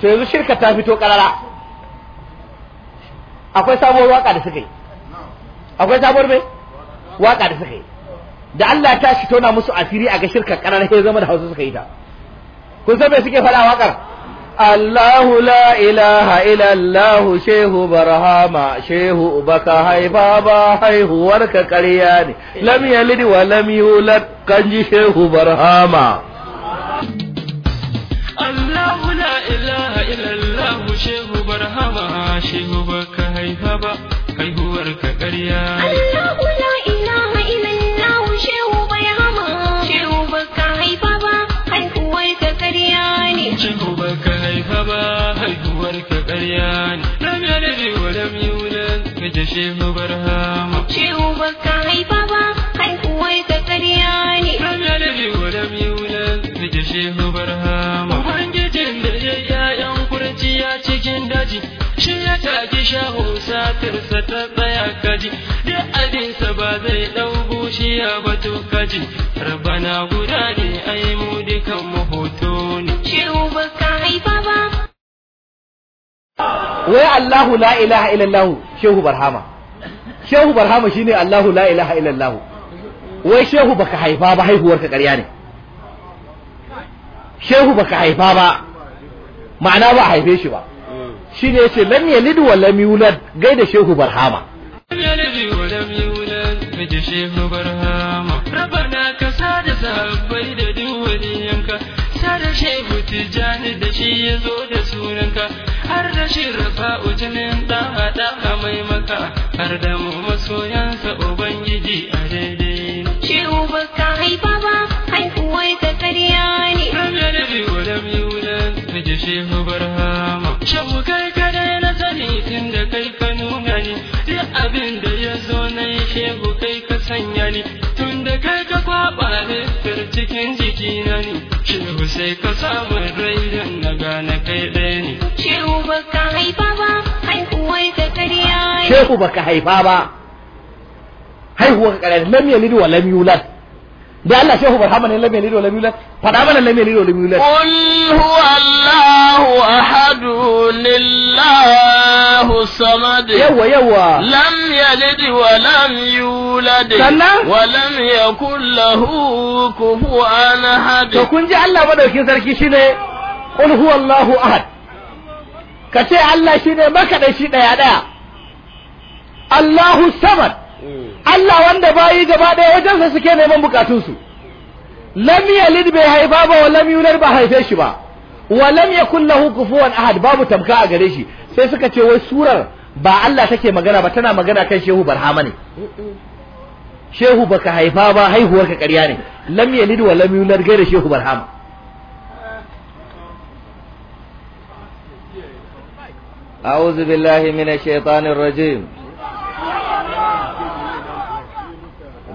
to yanzu shirka ta fito karara akwai sabuwar waka da suka yi akwai sabuwar mai waka da suka yi da Allah ta shi tona musu asiri a ga shirka karara sai zama da hausa suka yi ta kun san me suke faɗa wakar Allahu la ilaha illallah shehu barhama shehu baka haifa ba haihuwarka ƙarya ne lam yalid wa lam yulad kanji shehu barhama haba shi ba ka haifa ba haihuwar ka ƙarya Allahu la ilaha illallah shehu bai hama shehu ba ka haifa ba haihuwar ka ƙarya ne shehu ba ka haifa ba haihuwar ka ƙarya ne lam yalid wa lam yulad ka shehu barham shaho satirsa ta tsaya kaji duk abinsa ba zai dau bushiya ba to kaji rabana guda ne ai mu dukan mu hoto ne shiru ba ka haifa ba wai Allahu la ilaha illallah shehu barhama shehu barhama shine Allahu la ilaha illallah wai shehu baka haifa ba haihuwarka ƙarya ne shehu baka haifa ba ma'ana ba a haife shi ba Shi shine ce lam yalid wa lam yulad gaida shehu barhama rabana da yanka sada shehu tijani da shi ya da sunanka har da da masoyansa ubangiji a daidai shehu baka haifa ba shehu barhama Shehu kai kadai na sani tun da kai ka nuna ni, duk abin da ya zo na yi shehu kai ka sanya ni, tun da kai ka kwaɓa halittar cikin jiki na ni, shehu sai ka samun rai don na gane kai ɗaya ne. Shehu ba ka haifa ba, haihuwar ka karya. Shehu ba ka haifa ba, haihuwar ka karya, lam yalid wa lam yulad. da Allah shehu barhama ne lamai lido lamai lan fada mana lamai lido lamai lan qul huwa allahu ahad lillahu samad yawa yawa lam yalid wa lam yulad wa lam yakul lahu kufuwan ahad to kun ji Allah madaukin sarki shine qul huwa allahu ahad kace Allah shine shi daya daya. Allahu samad mm. Allah wanda bayi gaba ɗaya wajensa suke neman bukatunsu lam yalid bai haifa ba wa lam yulad ba haife shi ba wa lam yakul lahu kufuwan ahad babu tamka a gare shi sai suka ce wai surar ba Allah take magana ba tana magana kan Shehu Barhama ne Shehu baka haifa ba haihuwar ka ƙarya ne lam yalid wa lam yulad gaira Shehu Barhama أعوذ بالله من الشيطان الرجيم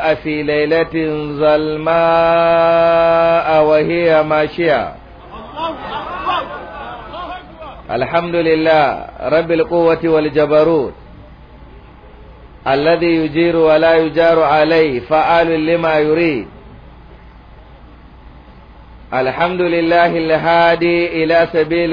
a filailatin zalma zalmaa wa hiya mashiya alhamdulillah rabbil quwwati wal jabarut alladhi yujiru wa la yujaru alayhi fa'alul lima yurid الحمد لله الهادي إلى سبيل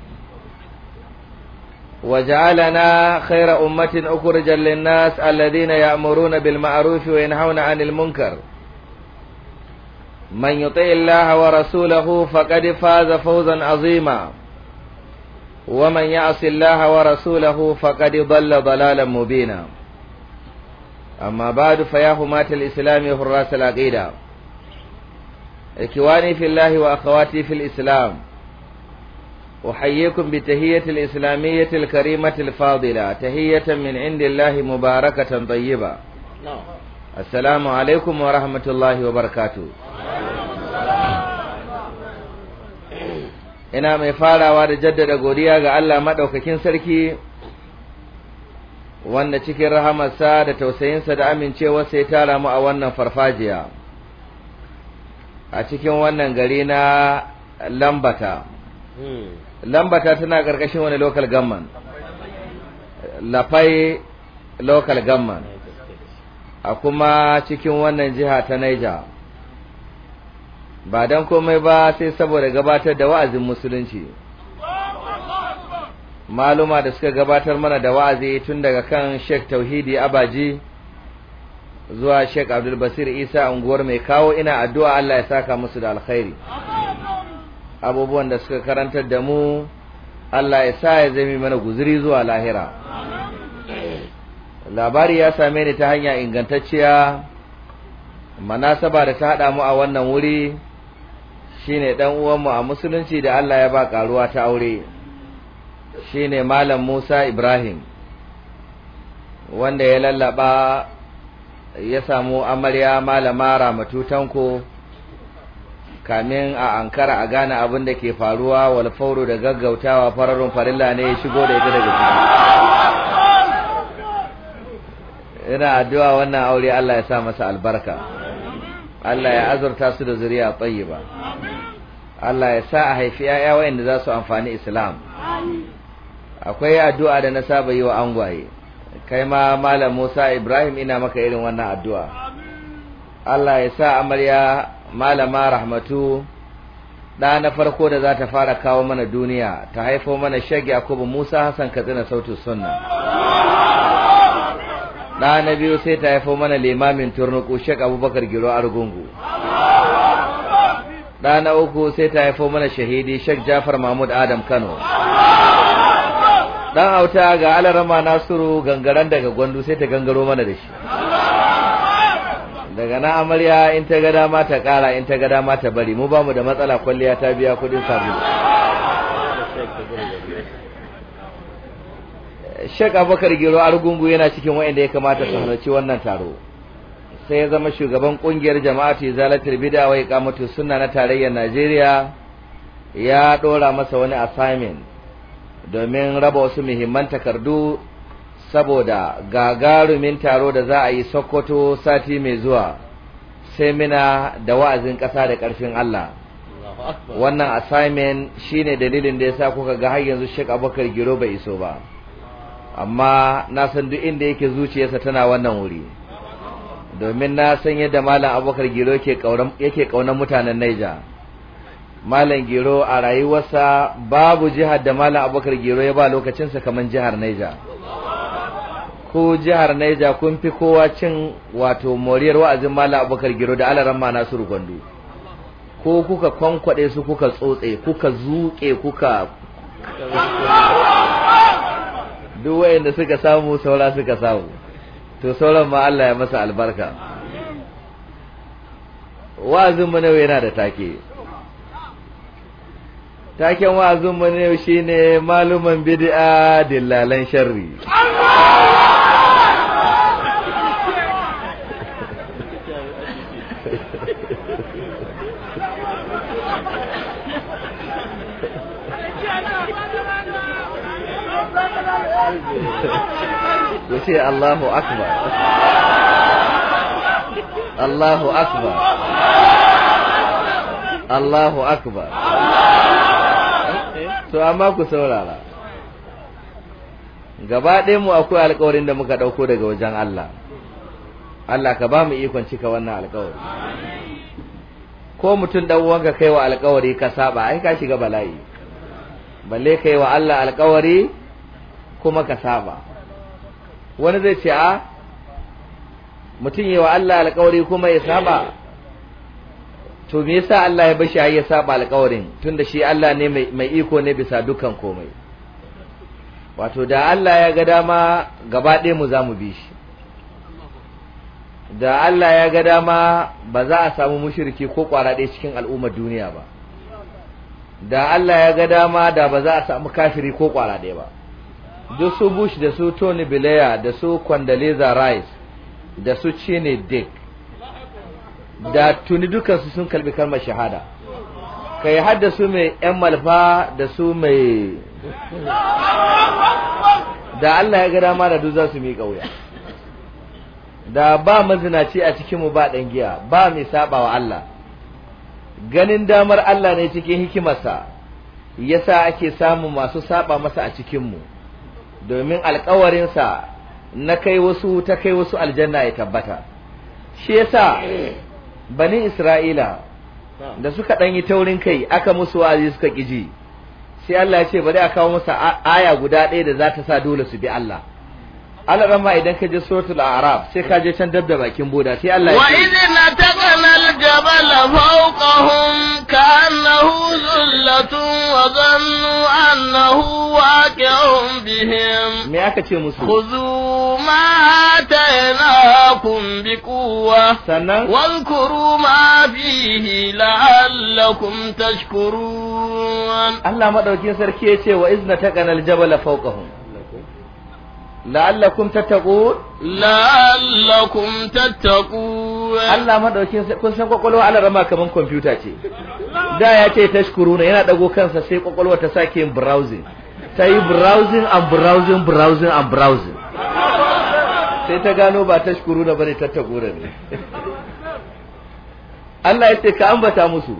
وجعلنا خير أمة أخرج للناس الذين يأمرون بالمعروف وينهون عن المنكر من يطع الله ورسوله فقد فاز فوزا عظيما ومن يعص الله ورسوله فقد ضل ضلالا مبينا أما بعد فيا حماة الإسلام حراس العقيدة إخواني في الله وأخواتي في الإسلام أحييكم بتهية الإسلامية الكريمة الفاضلة تهية من عند الله مباركة طيبة السلام عليكم ورحمة الله وبركاته ina mai farawa da jaddada godiya ga Allah maɗaukakin sarki wanda cikin rahamarsa da tausayinsa da amincewarsa ya tara mu a wannan farfajiya a cikin wannan gari na lambata lambata tana karkashin wani local government lafai local government a kuma cikin wannan jiha ta Niger ba dan komai ba sai saboda gabatar da wa'azin musulunci maluma da suka gabatar mana da wa'azi tun daga kan Sheikh Tauhidi Abaji zuwa Sheikh abdulbasir Basir Isa unguwar mai kawo ina addu'a Allah ya saka musu da alkhairi abubuwan da suka karantar da mu Allah ya sa ya zami mana guzuri zuwa lahira labari ya same ni ta hanya ingantacciya manasaba da ta hada mu a wannan wuri shine dan uwanmu a musulunci da Allah ya ba karuwa ta aure shine malam Musa Ibrahim wanda ya lallaba ya samu amarya malama Ramatu Tanko kamin a ankara a gane abin da ke faruwa wal da gaggautawa fararun farilla ne ya shigo da ita daga ciki ina addu'a wannan aure Allah ya sa masa albarka Allah ya azurta su da zuriya tayyiba Allah ya sa a haifi ƴaƴa wayanda za su amfani Islam akwai addu'a da na saba yi wa angwaye kai ma malam Musa Ibrahim ina maka irin wannan addu'a Allah ya sa amarya malama rahmatu da na farko da za ta fara kawo mana duniya ta haifo mana shagi akubu musa hassan katsina sautin sunna da na biyu sai ta haifo mana limamin turnuku shek abubakar giro argungu da na uku sai ta haifo mana shahidi shek jafar mahmud adam kano dan auta ga alarama nasiru gangaren daga gwandu sai ta gangaro mana da shi daga na amarya in ta ga dama ta kara in ta ga dama ta bari mu bamu da matsala kwalliya ta biya kudin sabulu Sheikh Abubakar Giro Argungu yana cikin waɗanda ya kamata su halarci wannan taro sai ya zama shugaban kungiyar jama'atu izalatul bid'a wa iqamatu sunna na tarayyar Najeriya ya dora masa wani assignment domin raba wasu muhimman takardu saboda gagarumin taro da za a yi Sokoto sati mai zuwa sai semina da wa'azin ƙasa da ƙarfin Allah wannan assignment shine dalilin da yasa kuka ga har yanzu Sheikh Abubakar Giro bai iso ba amma na san duk inda yake zuciyarsa tana wannan wuri domin na san yadda Malam Abubakar Giro yake ƙaunar mutanen naija Malam giro a rayuwarsa babu jihar da Malam Abubakar giro ya ba lokacinsa kamar jihar Niger ko jihar Niger kun fi kowa cin wato moriyar wa'azin Mala Abubakar Giro da Alaran Ma Nasiru Gwando, ko kuka kwankwade su kuka tsotse kuka zuke kuka duk wayanda suka samu saura suka samu to sauran ma Allah ya masa albarka wa'azin mu nawa yana da take taken wa'azin mu ne shine maluman bid'a dillalan sharri Allah ku ce Allahu akbar Allahu akbar Allahu akbar to amma ku saurara gaba ɗaya mu akwai alkawarin da muka ɗauko daga wajen Allah Allah ka ba mu ikon cika wannan alƙawari ko mutum ɗan uwan ka kaiwa alƙawari ka saba ai ka shiga bala'i balle kaiwa Allah alkawari kuma ka saba wani zai ce a mutum yi wa Allah alƙawari kuma ya saba to me yasa Allah ya bashi ya saba alƙawarin tunda shi Allah ne mai iko ne bisa dukan komai wato da Allah ya ga dama gaba ɗaya mu za mu bi shi da Allah ya ga dama ba za a samu mushriki ko kwara ɗaya cikin al'ummar duniya ba da Allah ya ga dama da ba za a samu kafiri ko kwara ɗaya ba duk su bush da su tony bilaya da su condoleezza rice da su cine dick da tuni dukansu sun kalbi kalmar shahada kai hadda su mai yan malfa da su mai da Allah ya ga dama da duk za su miƙa wuya da ba mazinaci a cikinmu ba ɗan giya ba mai saba wa Allah ganin damar Allah ne cikin hikimarsa yasa ake samun masu saba masa a cikinmu domin alƙawarinsa na kai wasu ta kai wasu aljanna ya tabbata shi yasa bani isra'ila da suka ɗan yi taurin kai aka musu wa'azi suka ji sai Allah ya ce bari a kawo musu aya guda ɗaya da za ta sa dole su bi Allah Allah idan ka je suratul arab sai ka je can dabda bakin boda sai Allah ya ce wa الجبل فوقهم كأنه ذلة وظنوا أنه واقع بهم خذوا ما آتيناكم بقوة واذكروا ما فيه لعلكم تشكرون الله ما دوكين سركي يتي وإذ نتقنا الجبل فوقهم la'allakum tattaqun la'allakum tattaqun Allah madaukin kun san kwakwalwa Allah rama kaman computer ce da ya ce tashkuruna yana dago kansa sai kwakwalwa ta sake yin browsing ta yi browsing and browsing browsing and browsing sai ta gano ba tashkuruna bane tattaqura ne Allah ya ce ka ambata musu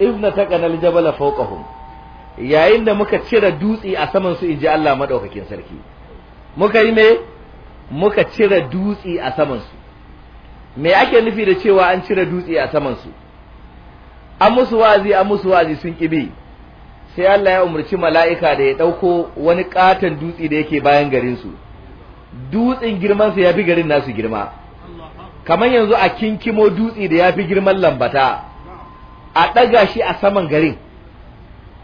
ibna taqanal jabala fawqahum yayin da muka cire dutsi a saman su inji Allah madaukakin sarki muka yi me muka cire dutse a samansu me ake nufi da cewa an cire dutse a samansu an musu wazi an musu wazi sun kibe sai Allah ya umarci mala'ika da ya ɗauko wani ƙaton dutse da yake bayan garinsu dutsen girmansu ya fi garin nasu girma kamar yanzu a kinkimo dutse da ya fi girman lambata a ɗaga shi a saman garin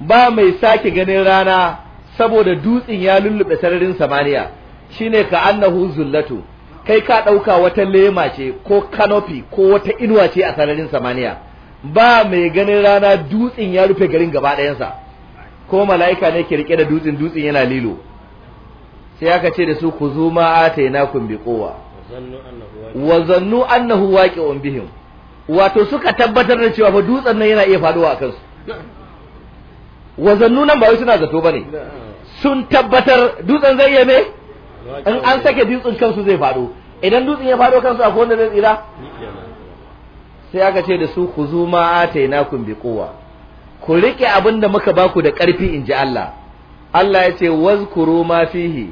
ba mai sake ganin rana saboda dutsen ya lullube sararin samaniya Shi ne ka annahu zullatu kai ka ɗauka wata lema ce ko kanofi ko wata inuwa ce a sararin samaniya ba mai ganin rana dutsin ya rufe garin gaba ɗayansa ko mala'ika ne ke rike da dutsin dutsin yana lilo sai aka ce da su ku zo ma atainakum bi kowa wa zannu annahu waqi'un bihim wato suka tabbatar da cewa fa dutsen nan yana iya faduwa a kansu wa zannu nan ba wai suna zato bane sun tabbatar dutsen zai iya me in an sake dutsen kansu zai faɗo idan dutsen ya faɗo kansu a wanda zai tsira sai aka ce da su ku zo ma atainakum bi kowa ku rike abin da muka baku da ƙarfi in ji Allah Allah ya ce wazkuru ma fihi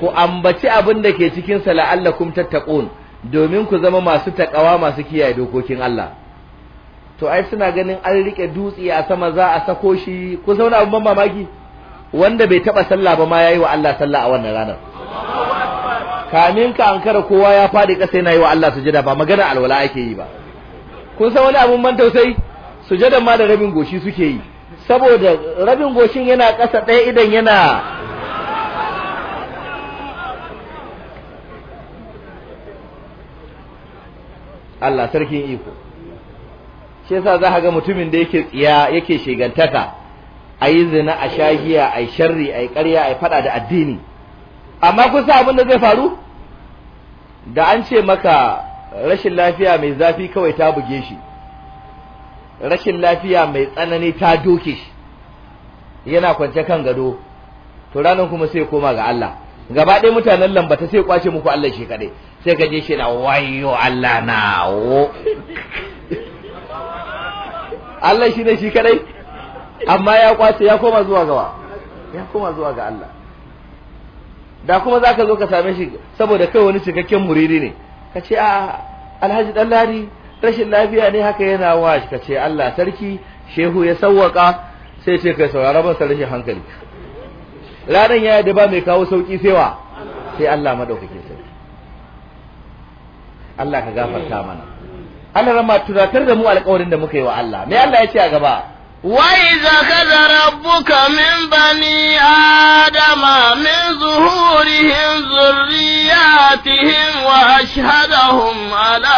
ku ambaci abin da ke cikin sa la'allakum tattaqun domin ku zama masu takawa masu kiyaye dokokin Allah to ai suna ganin an rike dutse a sama za a sako shi ku zauna abin mamaki wanda bai taɓa sallah ba ma yayi wa Allah sallah a wannan ranar kamin ka ankara kowa ya faɗi kasa yana yi wa Allah sujada ba magana alwala ake yi ba kun san wani abun ban tausayi sujadan ma da rabin goshi suke yi saboda rabin goshin yana kasa ɗaya idan yana Allah sarkin iko shi yasa za ga mutumin da yake tsiya yake shigantaka ayi zina a shahiya ayi sharri ayi ƙarya ayi fada da addini amma kun sa abin da zai faru da an ce maka rashin lafiya mai zafi kawai ta buge shi rashin lafiya mai tsanani ta doke shi yana kwance kan gado to ranan kuma sai koma ga Allah gaba ɗaya mutanen lambata sai kwace muku Allah shi kadai sai ka je shi na wayo Allah na wo Allah shi ne shi kadai amma ya kwace ya koma zuwa gawa ya koma zuwa ga Allah da kuma zaka zo ka same shi saboda kai wani cikakken muridi ne ka ce a alhaji dan rashin lafiya ne haka yana wa ka ce Allah sarki shehu ya sawwaka sai ce kai saurara ba sa rashin hankali ranan ya da ba mai kawo sauki sai wa sai Allah madaukakin sarki Allah ka gafarta mana Allah rama tunatar da mu alƙawarin da muka yi wa Allah me Allah ya ce a gaba وإذا أخذ ربك من بني آدم من ظهورهم ذرياتهم وأشهدهم على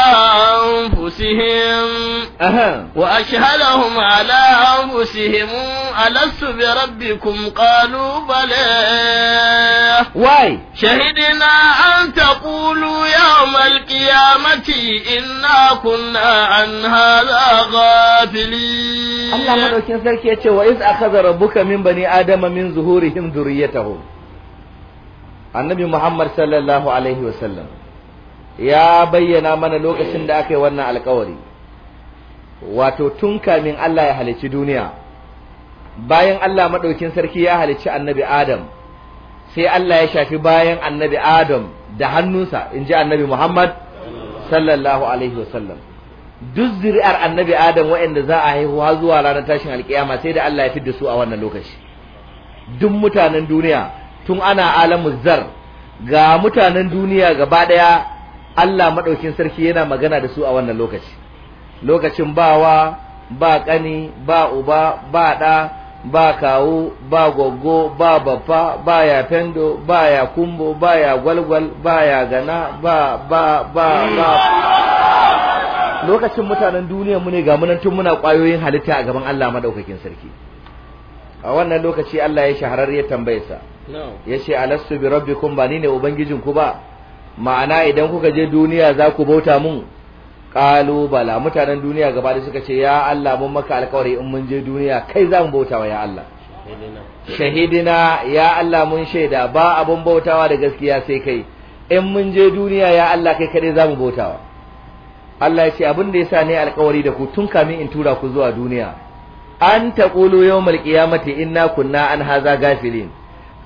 أنفسهم وأشهدهم على أنفسهم ألست بربكم قالوا بلى واي شهدنا أن تقولوا يوم القيامة إنا كنا عن هذا غافلين madaukin sarki ya wa iz akhadha rabbuka min bani adama min zuhurihim dhurriyyatahum annabi muhammad sallallahu alaihi wasallam ya bayyana mana lokacin da aka yi wannan alkawari wato tun kamin Allah ya halicci duniya bayan Allah madaukin sarki ya halicci annabi adam sai Allah ya shafi bayan annabi adam da hannunsa inji annabi muhammad sallallahu alaihi wasallam duk zuri'ar annabi adam waɗanda za a haihu har zuwa ranar tashin alkiyama sai da Allah ya da su a wannan lokaci duk mutanen duniya tun ana alamu zar ga mutanen duniya gaba daya Allah madaukin sarki yana magana da su a wannan lokaci lokacin bawa ba kani ba uba ba da ba kawo ba goggo ba baffa ba ya fendo ba ya kumbo ba ya gwalgwal ba ya gana ba ba ba ba lokacin mutanen duniyar mu ga munan tun muna kwayoyin halitta a gaban Allah madaukakin sarki a wannan lokaci Allah ya shahararre tambaye sa yace alastu bi rabbikum ba ni ne ubangijin ku ba ma'ana idan kuka je duniya za ku bauta mun qalu bala mutanen duniya gaba da suka ce ya Allah mun maka alƙawari in mun je duniya kai za mu bautawa ya Allah shahidina ya Allah mun shaida ba abun bautawa da gaskiya sai kai in mun je duniya ya Allah kai kade za mu bautawa Allah ya ce abin da sa ne alƙawari da ku tun kamin in tura ku zuwa duniya an taqulu yawmal qiyamati inna kunna an haza gafilin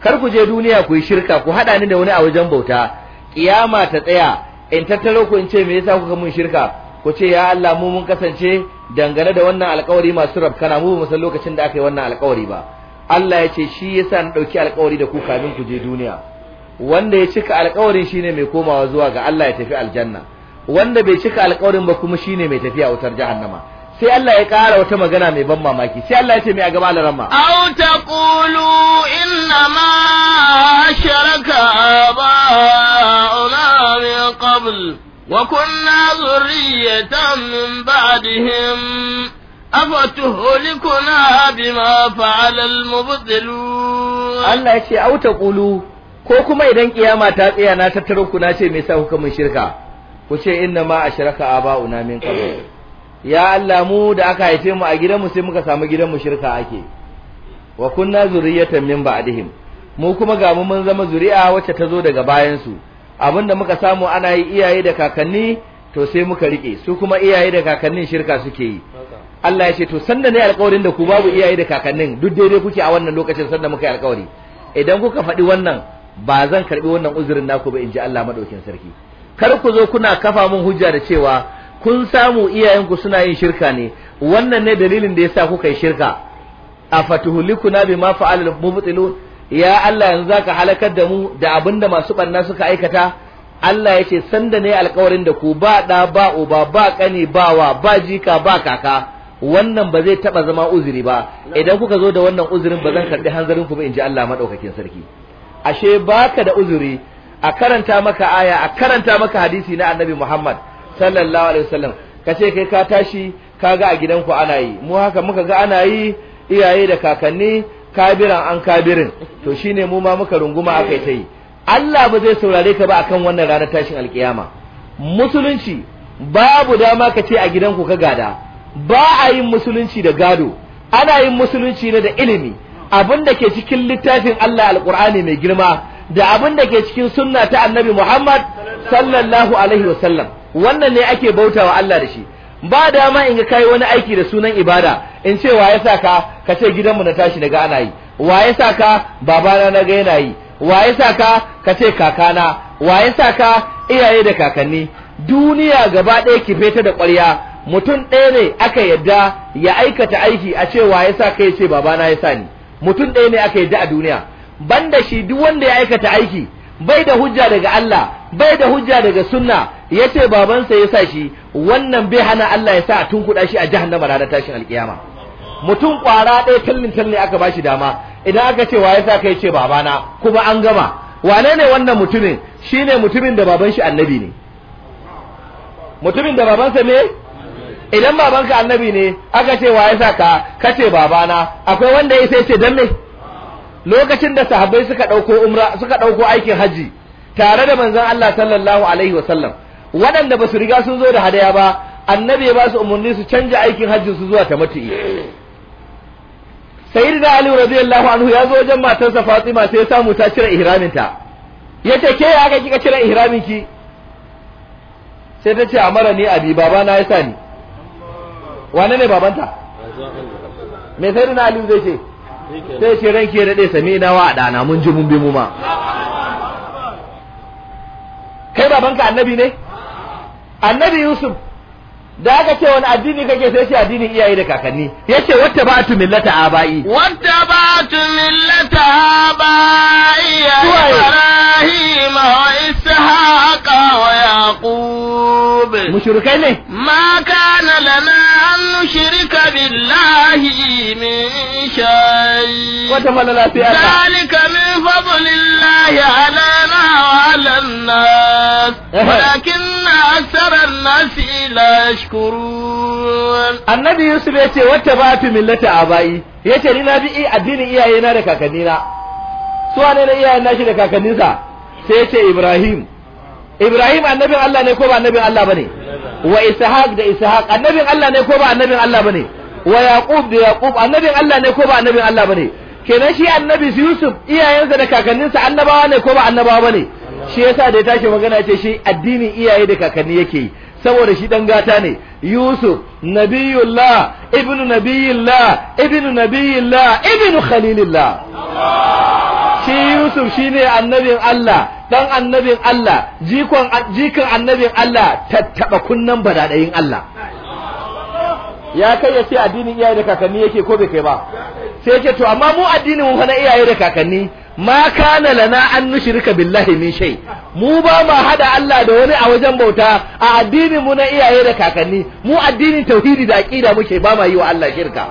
kar ku je duniya ku yi shirka ku haɗa ni da wani a wajen bauta Ƙiyama ta tsaya in tattaro ku in ce me yasa kuka mun shirka ku ce ya Allah mu mun kasance dangane da wannan alƙawari masu rabkana mu mu san lokacin da aka yi wannan alƙawari ba Allah ya ce shi yasa na ɗauki alƙawari da ku kamin ku je duniya wanda ya cika alƙawarin shine mai komawa zuwa ga Allah ya tafi aljanna wanda bai cika alƙawarin ba kuma shine mai tafiya wutar jahannama sai Allah ya ƙara wata magana mai ban mamaki sai Allah ya ce mai a gaba da ramma aw taqulu inna ma asharaka aba'una min qabl wa kunna zurriyatan min ba'dihim afatuhlikuna bima fa'ala al-mubtilun Allah ya ce Auta Kulu ko kuma idan kiyama ta tsaya na tattaro ku na ce me sa kuka mun shirka ku ce inna ma ashraka aba'una min qabl ya Allah mu da aka haife mu a gidanmu sai muka samu gidan mu shirka ake wa kunna zuriyatan min ba'dihim mu kuma ga mu mun zama zuri'a wacce ta zo daga bayan su abinda muka samu ana yi iyaye da kakanni to sai muka rike su kuma iyaye da kakannin shirka suke yi Allah ya ce to sanda ne alƙawarin da ku babu iyaye da kakannin duk daidai kuke a wannan lokacin sanda muka yi alƙawari idan kuka faɗi wannan ba zan karɓi wannan uzurin naku ba in ji Allah madaukin sarki kar ku zo kuna kafa mun hujja da cewa kun samu iyayenku suna yin shirka ne wannan ne dalilin da yasa kuka yi shirka a afatuhulikuna bima fa'al mubtilun ya Allah yanzu zaka halakar da mu da abinda masu barna suka aikata Allah ya yace sanda ne alƙawarin da ku ba da ba uba ba kani ba wa ba jika ba kaka wannan ba zai taba zama uzuri ba idan kuka zo da wannan uzurin ba zan karbi hanzarin ku ba inji Allah madaukakin sarki ashe baka da uzuri a karanta maka aya a karanta maka hadisi na annabi Muhammad sallallahu alaihi wasallam kace kai ka tashi ka ga a gidanku ana yi mu haka muka ga ana yi iyaye da kakanni kabiran an kabirin to shine mu ma muka runguma akai ta yi Allah ba zai saurare ka ba akan wannan ranar tashin alkiyama musulunci babu dama ka ce a gidanku ka gada ba a yin musulunci da gado ana yin musulunci ne da ilimi abin da ke cikin littafin Allah alkur'ani mai girma da abin da ke cikin sunna ta annabi Muhammad sallallahu alaihi wasallam wannan ne ake bautawa Allah da shi ba dama in ga kai wani aiki da sunan ibada in ce wa yasa ka ka ce gidanmu na tashi daga ana yi wa yasa ka babana na ga yana yi wa yasa ka ka ce kakana wa yasa ka. iyaye da kakanni duniya gaba ɗaya ki feta da ƙwarya mutum ɗaya ne aka yadda ya aikata aiki a ce wa yasa ka ya ce babana ya sa ni mutum ɗaya ne aka yadda a duniya banda shi duk wanda ya aikata aiki bai da hujja daga Allah bai da hujja daga sunna yace babansa ya sa shi wannan bai hana Allah ya sa a kuda shi a jahannama ranar tashin alkiyama mutum kwara ɗaya tallin tallin aka bashi dama idan aka ce wa ya sa kai ce babana kuma an gama wane ne wannan mutumin shine mutumin da baban shi annabi ne mutumin da babansa ne idan babanka annabi ne aka ce wa ya sa ka kace babana akwai wanda ya sai ce dan me lokacin da sahabbai suka dauko umra suka dauko aikin haji tare da manzon Allah sallallahu alaihi wa sallam waɗanda ba su riga sun zo da hadaya ba annabi ya ba su umarni su canja aikin haji su zuwa tamattu'i sayyidina ali radiyallahu anhu ya zo wajen matarsa fatima sai ya samu ta cire ihramin ta yace ke ya ga kika cire ihramin ki sai ta ce amara ni abi na ya sa ni wane ne babanta me sayyidina ali zai ce sai ce ranke ya daɗe sami na wa ɗana mun ji mun bi mu ma kai babanka annabi ne annabi yusuf da aka ce wani addini kake sai ce addinin iyaye da kakanni yace wata ba tu millata abai wata ba tu millata abai ya ibrahim wa ishaq wa yaqub mushrikai ne ma kana lana an nushrika billahi min shay wata malala sai aka zalika min fadlillahi alana wa alannas walakin أكثر الناس لا يشكرون النبي يوسف يتي واتبعت ملة آبائي يتي لنا بي الدين إياينا لكاكنينا سواء لنا إياينا لكاكنينا سيتي إبراهيم Ibrahim annabin Allah ne ko annabin Allah bane wa Ishaq da Ishaq annabin Allah ne ko annabin Allah bane wa Yaqub da Yaqub annabin Allah ne ko annabin Allah bane kenan shi annabi Yusuf iyayensa da kakanninsa annabawa ne annabawa bane shi yasa da ya tashi magana ce shi addini iyaye da kakanni yake yi saboda shi dan gata ne Yusuf nabiyullah ibnu nabiyillah ibnu nabiyillah ibnu khalilillah shi Yusuf shine annabin Allah dan annabin Allah jikon jikan annabin Allah tattaba kunnan badadayin Allah ya kai ya ce addinin iyaye da kakanni yake ko bai kai ba sai ce to amma mu addinin mu fa na iyaye da kakanni ma kana lana an nushrika billahi min shay mu ba ma hada Allah da wani a wajen bauta a addinin mu na iyaye da kakanni mu addinin tauhidi da aqida muke ba ma yi wa Allah shirka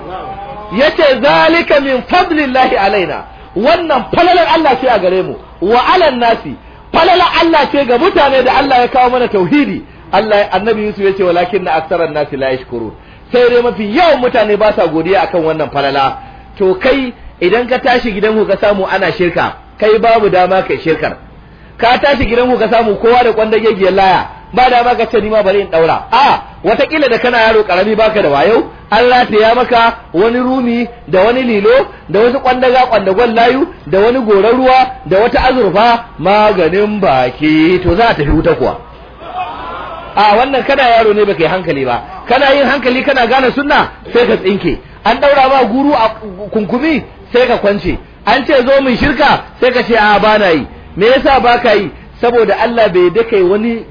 yace zalika min fadlillahi alaina wannan falalar Allah ce a gare mu wa alan nasi falalar Allah ce ga mutane da Allah ya kawo mana tauhidi Allah annabi Yusuf yace walakin na aksaran nasi la yashkurun sai dai mafi yawan mutane ba sa godiya akan wannan falala to kai idan ka tashi gidanku ka samu ana shirka kai babu dama kai shirkar ka tashi gidanku ka samu kowa da kwandon yagiyar laya ba dama ka ce ni ma bari in daura a watakila da kana yaro karami baka da wayo an rataya maka wani rumi da wani lilo da wasu kwandaga kwandagon layu da wani goran ruwa da wata azurfa maganin baki to za ta huta kuwa a wannan kana yaro ne baka yi hankali ba kana yin hankali kana gane sunna sai ka tsinke an daura ma guru a kunkumi sai ka kwance an ce zo mun shirka sai ka ce a ba na yi me yasa ba ka yi saboda Allah bai da kai wani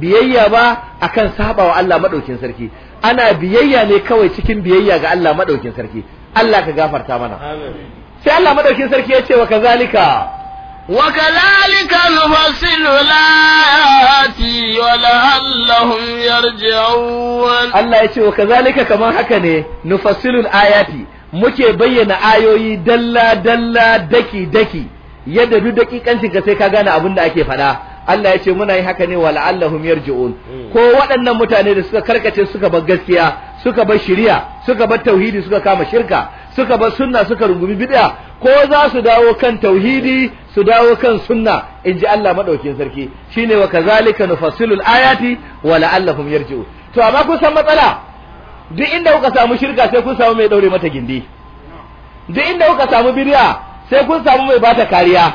biyayya ba akan sabawa Allah madaukin sarki ana biyayya ne kawai cikin biyayya ga Allah madaukin sarki Allah ka gafarta mana sai Allah madaukin sarki ya ce wa kazalika wa kazalika nufassilu lati wa la'allahum yarji'un Allah ya ce wa kazalika kaman haka ne nufassilu ayati muke bayyana ayoyi dalla dalla daki daki yadda duk dakikancin ka sai ka gane abin da ake faɗa Allah ya ce muna yi haka ne wala'allahum yarji'un hmm. ko waɗannan mutane da suka karkace suka bar gaskiya suka bar shari'a suka bar tauhidi suka kama shirka suka bar sunna suka rungumi bid'a ko za su dawo kan tauhidi su dawo kan sunna in ji Allah madaukin sarki shine wa kazalika nufasilul ayati wala'allahum yarji'un to amma kun san matsala duk inda kuka samu shirka sai kun samu mai daure mata gindi duk inda kuka samu birya sai kun samu mai bata kariya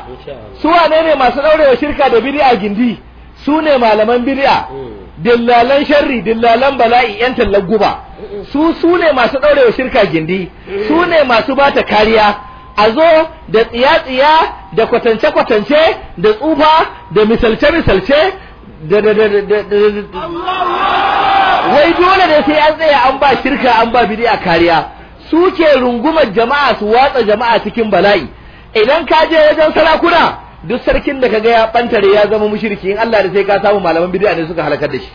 su wane ne masu daurewa shirka da a gindi su ne malaman birya mm. dillalan sharri dillalan bala'i yan tallan guba su su ne masu daurewa shirka gindi mm. su ne masu bata kariya a zo da tsiya-tsiya da kwatance-kwatance da tsufa da misalce-misalce wai dole ne sai an tsaya an ba shirka an ba bidi'a kariya su ke rungumar jama'a su watsa jama'a cikin bala'i idan ka je wajen sarakuna duk sarkin da ka ga ya bantare ya zama mushriki in Allah da sai ka samu malaman bid'a ne suka halakar da shi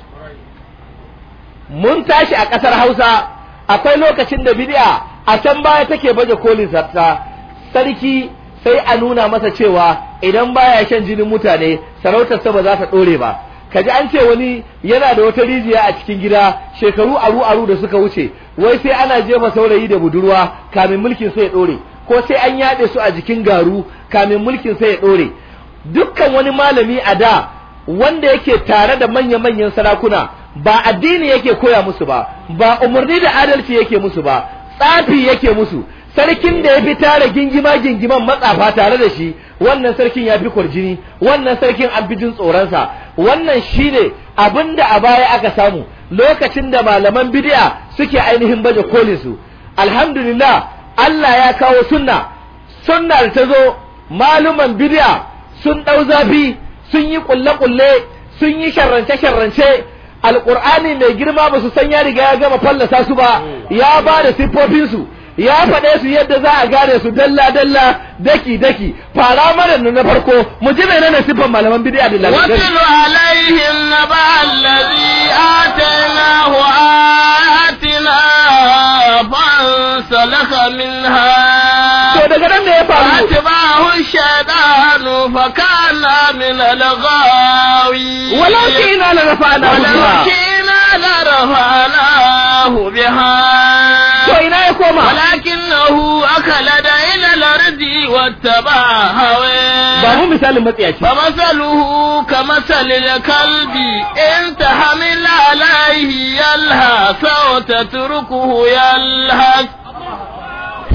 mun tashi a kasar Hausa akwai lokacin da bidi'a a can baya take baje kolin sarta sarki sai a nuna masa cewa idan baya shan jinin mutane sarautarsa ba za ta dore ba kaji an ce wani yana da wata rijiya a cikin gida shekaru aru aru da suka wuce wai sai ana jefa saurayi da budurwa kamin mulkin sai ya dore ko sai an yaɗe su a jikin garu kamin mulkin sai ya dore dukkan wani malami a da wanda yake tare da manya-manyan sarakuna ba addini yake koya musu ba ba umarni da adalci yake musu ba tsafi yake musu sarkin da ya fi tara gingima gingiman matsafa tare da shi wannan sarkin ya fi kwarjini wannan sarkin an fi jin tsoronsa wannan shi ne abin da a baya aka samu lokacin da malaman bidiya suke ainihin baje kolinsu su alhamdulillah Allah ya kawo sunna sunna da ta zo maluman bidiya sun ɗau zafi sun yi ƙulle-ƙulle sun yi sharrance-sharrance alƙur'ani mai girma ba su san ya riga ya gama fallasa su ba ya ba da siffofinsu ya faɗe su yadda za a gane su dalla dalla daki daki fara mara na farko mu ji mai menene sifan malaman bid'a da lalata watil alaihim naba allazi atainahu ayatina fansalaka minha to daga nan da ya faru atbahu shaytanu fa kana min al-ghawi walakin la rafa'na ina la rafa'na الله بها ولكن له أكل إلى الأرض واتبع هواه فمثله كمثل الكلب إن تحمل عليه يلهث وتتركه يلهث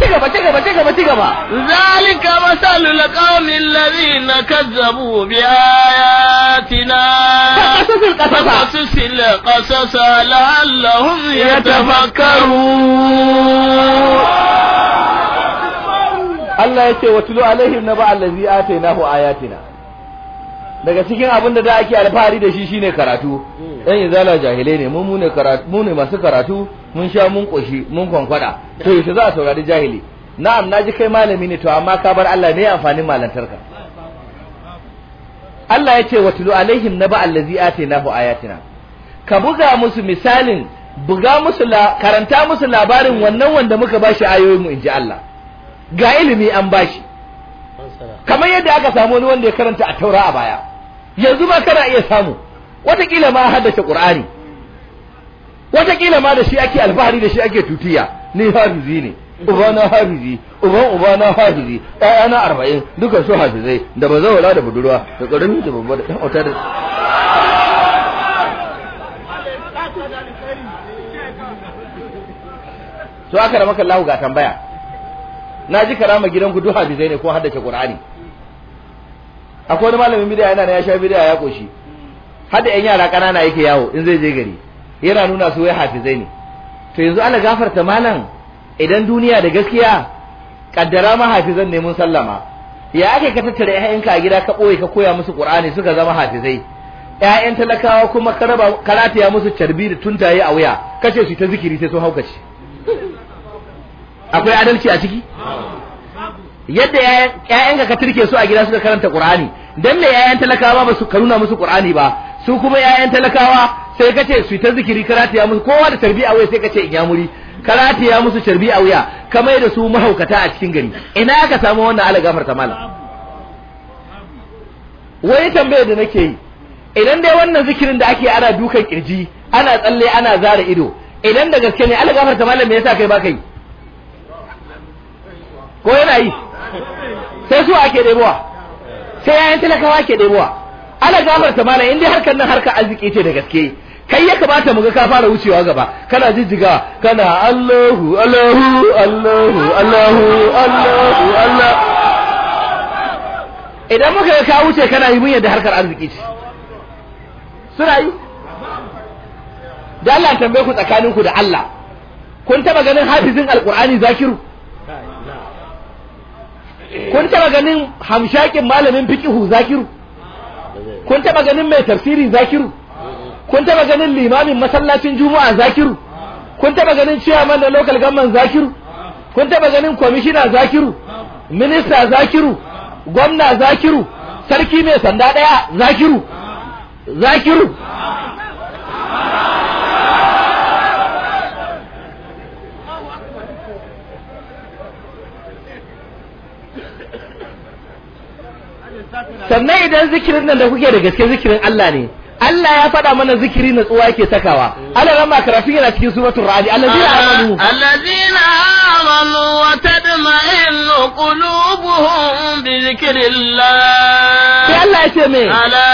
cigaba cigaba cigaba cigaba zalika masalul qaumil ladina kazzabu bi ayatina faqasasil qasas la'allahum yatafakkarun Allah ya ce wa alaihim naba allazi atainahu ayatina daga cikin abin da da ake alfahari da shi shine karatu ɗan hmm. izala jahilai ne mu ne karatu mu ne masu karatu mun sha mun koshi mun kwankwada to yaushe za a saurari jahili na'am naji kai malami ne to amma ka bar Allah ne amfanin malantarka Allah ya ce wa tulu alaihim naba allazi atainahu ayatina ka buga musu misalin buga musu karanta musu labarin wannan wanda muka bashi ayoyin mu inji Allah ga ilimi an bashi kamar yadda aka samu wani wanda ya karanta a taura a baya yanzu ma kana iya samu watakila ma haddace qur'ani wataƙila ma da shi ake alfahari da shi ake tutiya ni hafizi ne ubana hafizi uban ubana hafizi ɗayana arba'in duka su hafizai da ba zaura da budurwa da ƙarami da babba da ɗan'auta da Su aka da maka lahu ga tambaya na ji karama ku duk hafizai ne ko haddace qur'ani akwai wani malamin bidiya yana na ya sha bidiya ya koshi hadda yan yara ƙanana yake yawo in zai je gari yana nuna su wai hafizai ne to yanzu ana gafarta malam idan duniya da gaskiya kaddara ma hafizan ne mun sallama ya ake ka tattara ƴaƴanka a gida ka ɓoye ka koya musu qur'ani suka zama hafizai ƴaƴan talakawa kuma karaba karatiya musu carbi da tuntaye a wuya kace su ta zikiri sai sun haukace akwai adalci a ciki yadda ƴaƴanka ka turke su a gida suka karanta qur'ani dan me ƴaƴan talakawa ba su karuna musu qur'ani ba su kuma ƴaƴan talakawa sai ka ce su ta zikiri karatu ya musu kowa da tarbi a wuya sai ka ce in ya muri karatu ya musu tarbi a wuya kamar da su mahaukata a cikin gari ina ka samu wannan ala ta mala wai tambaye da nake yi idan dai wannan zikirin da ake ana dukan kirji ana tsalle ana zara ido idan da gaske ne ala ta mala me yasa kai ba kai ko yana yi sai su ake ɗebowa sai yayin talakawa ke ɗebowa ana gafarta mala in dai harkar nan harka arziki ce da gaske kai ya kamata mu ga ka fara wucewa gaba kana jijjiga kana Allahu Allahu Allahu Allahu Allahu Allah idan muka ga ka wuce kana yi mun yadda harkar arziki ce suna yi da Allah tambaye ku tsakanin ku da Allah kun taba ganin hafizin alqur'ani zakiru kun taba ganin hamshakin malamin fiqhu zakiru kun taba ganin mai tafsiri zakiru kun taba ganin limamin masallacin juma'a zakiru kun taba ganin man da local government zakiru kun taba ganin commissioner zakiru minista zakiru gwamna zakiru sarki mai sanda daya zakiru zakiru sannan idan zikirin nan da kuke da gaske zikirin Allah ne Allah ya faɗa mana zikiri na tsuwa yake sakawa Allah rama karafin yana cikin suratul ra'd allazina amanu allazina amanu wa tadma'innu qulubuhum bi zikrillah sai Allah yace me ala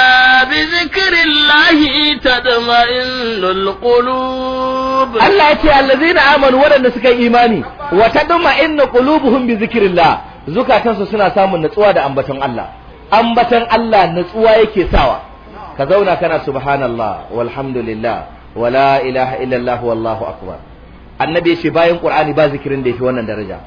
bi zikrillah tadma'innul qulub Allah yace allazina amanu waɗanda suka yi imani wa tadma'innu qulubuhum bi zikrillah zukatansu suna samun natsuwa da ambaton Allah ambaton Allah natsuwa yake sawa ka zauna kana subhanallah walhamdulillah wala ilaha illallah wallahu akbar annabi yace bayan qur'ani ba zikirin da yafi wannan daraja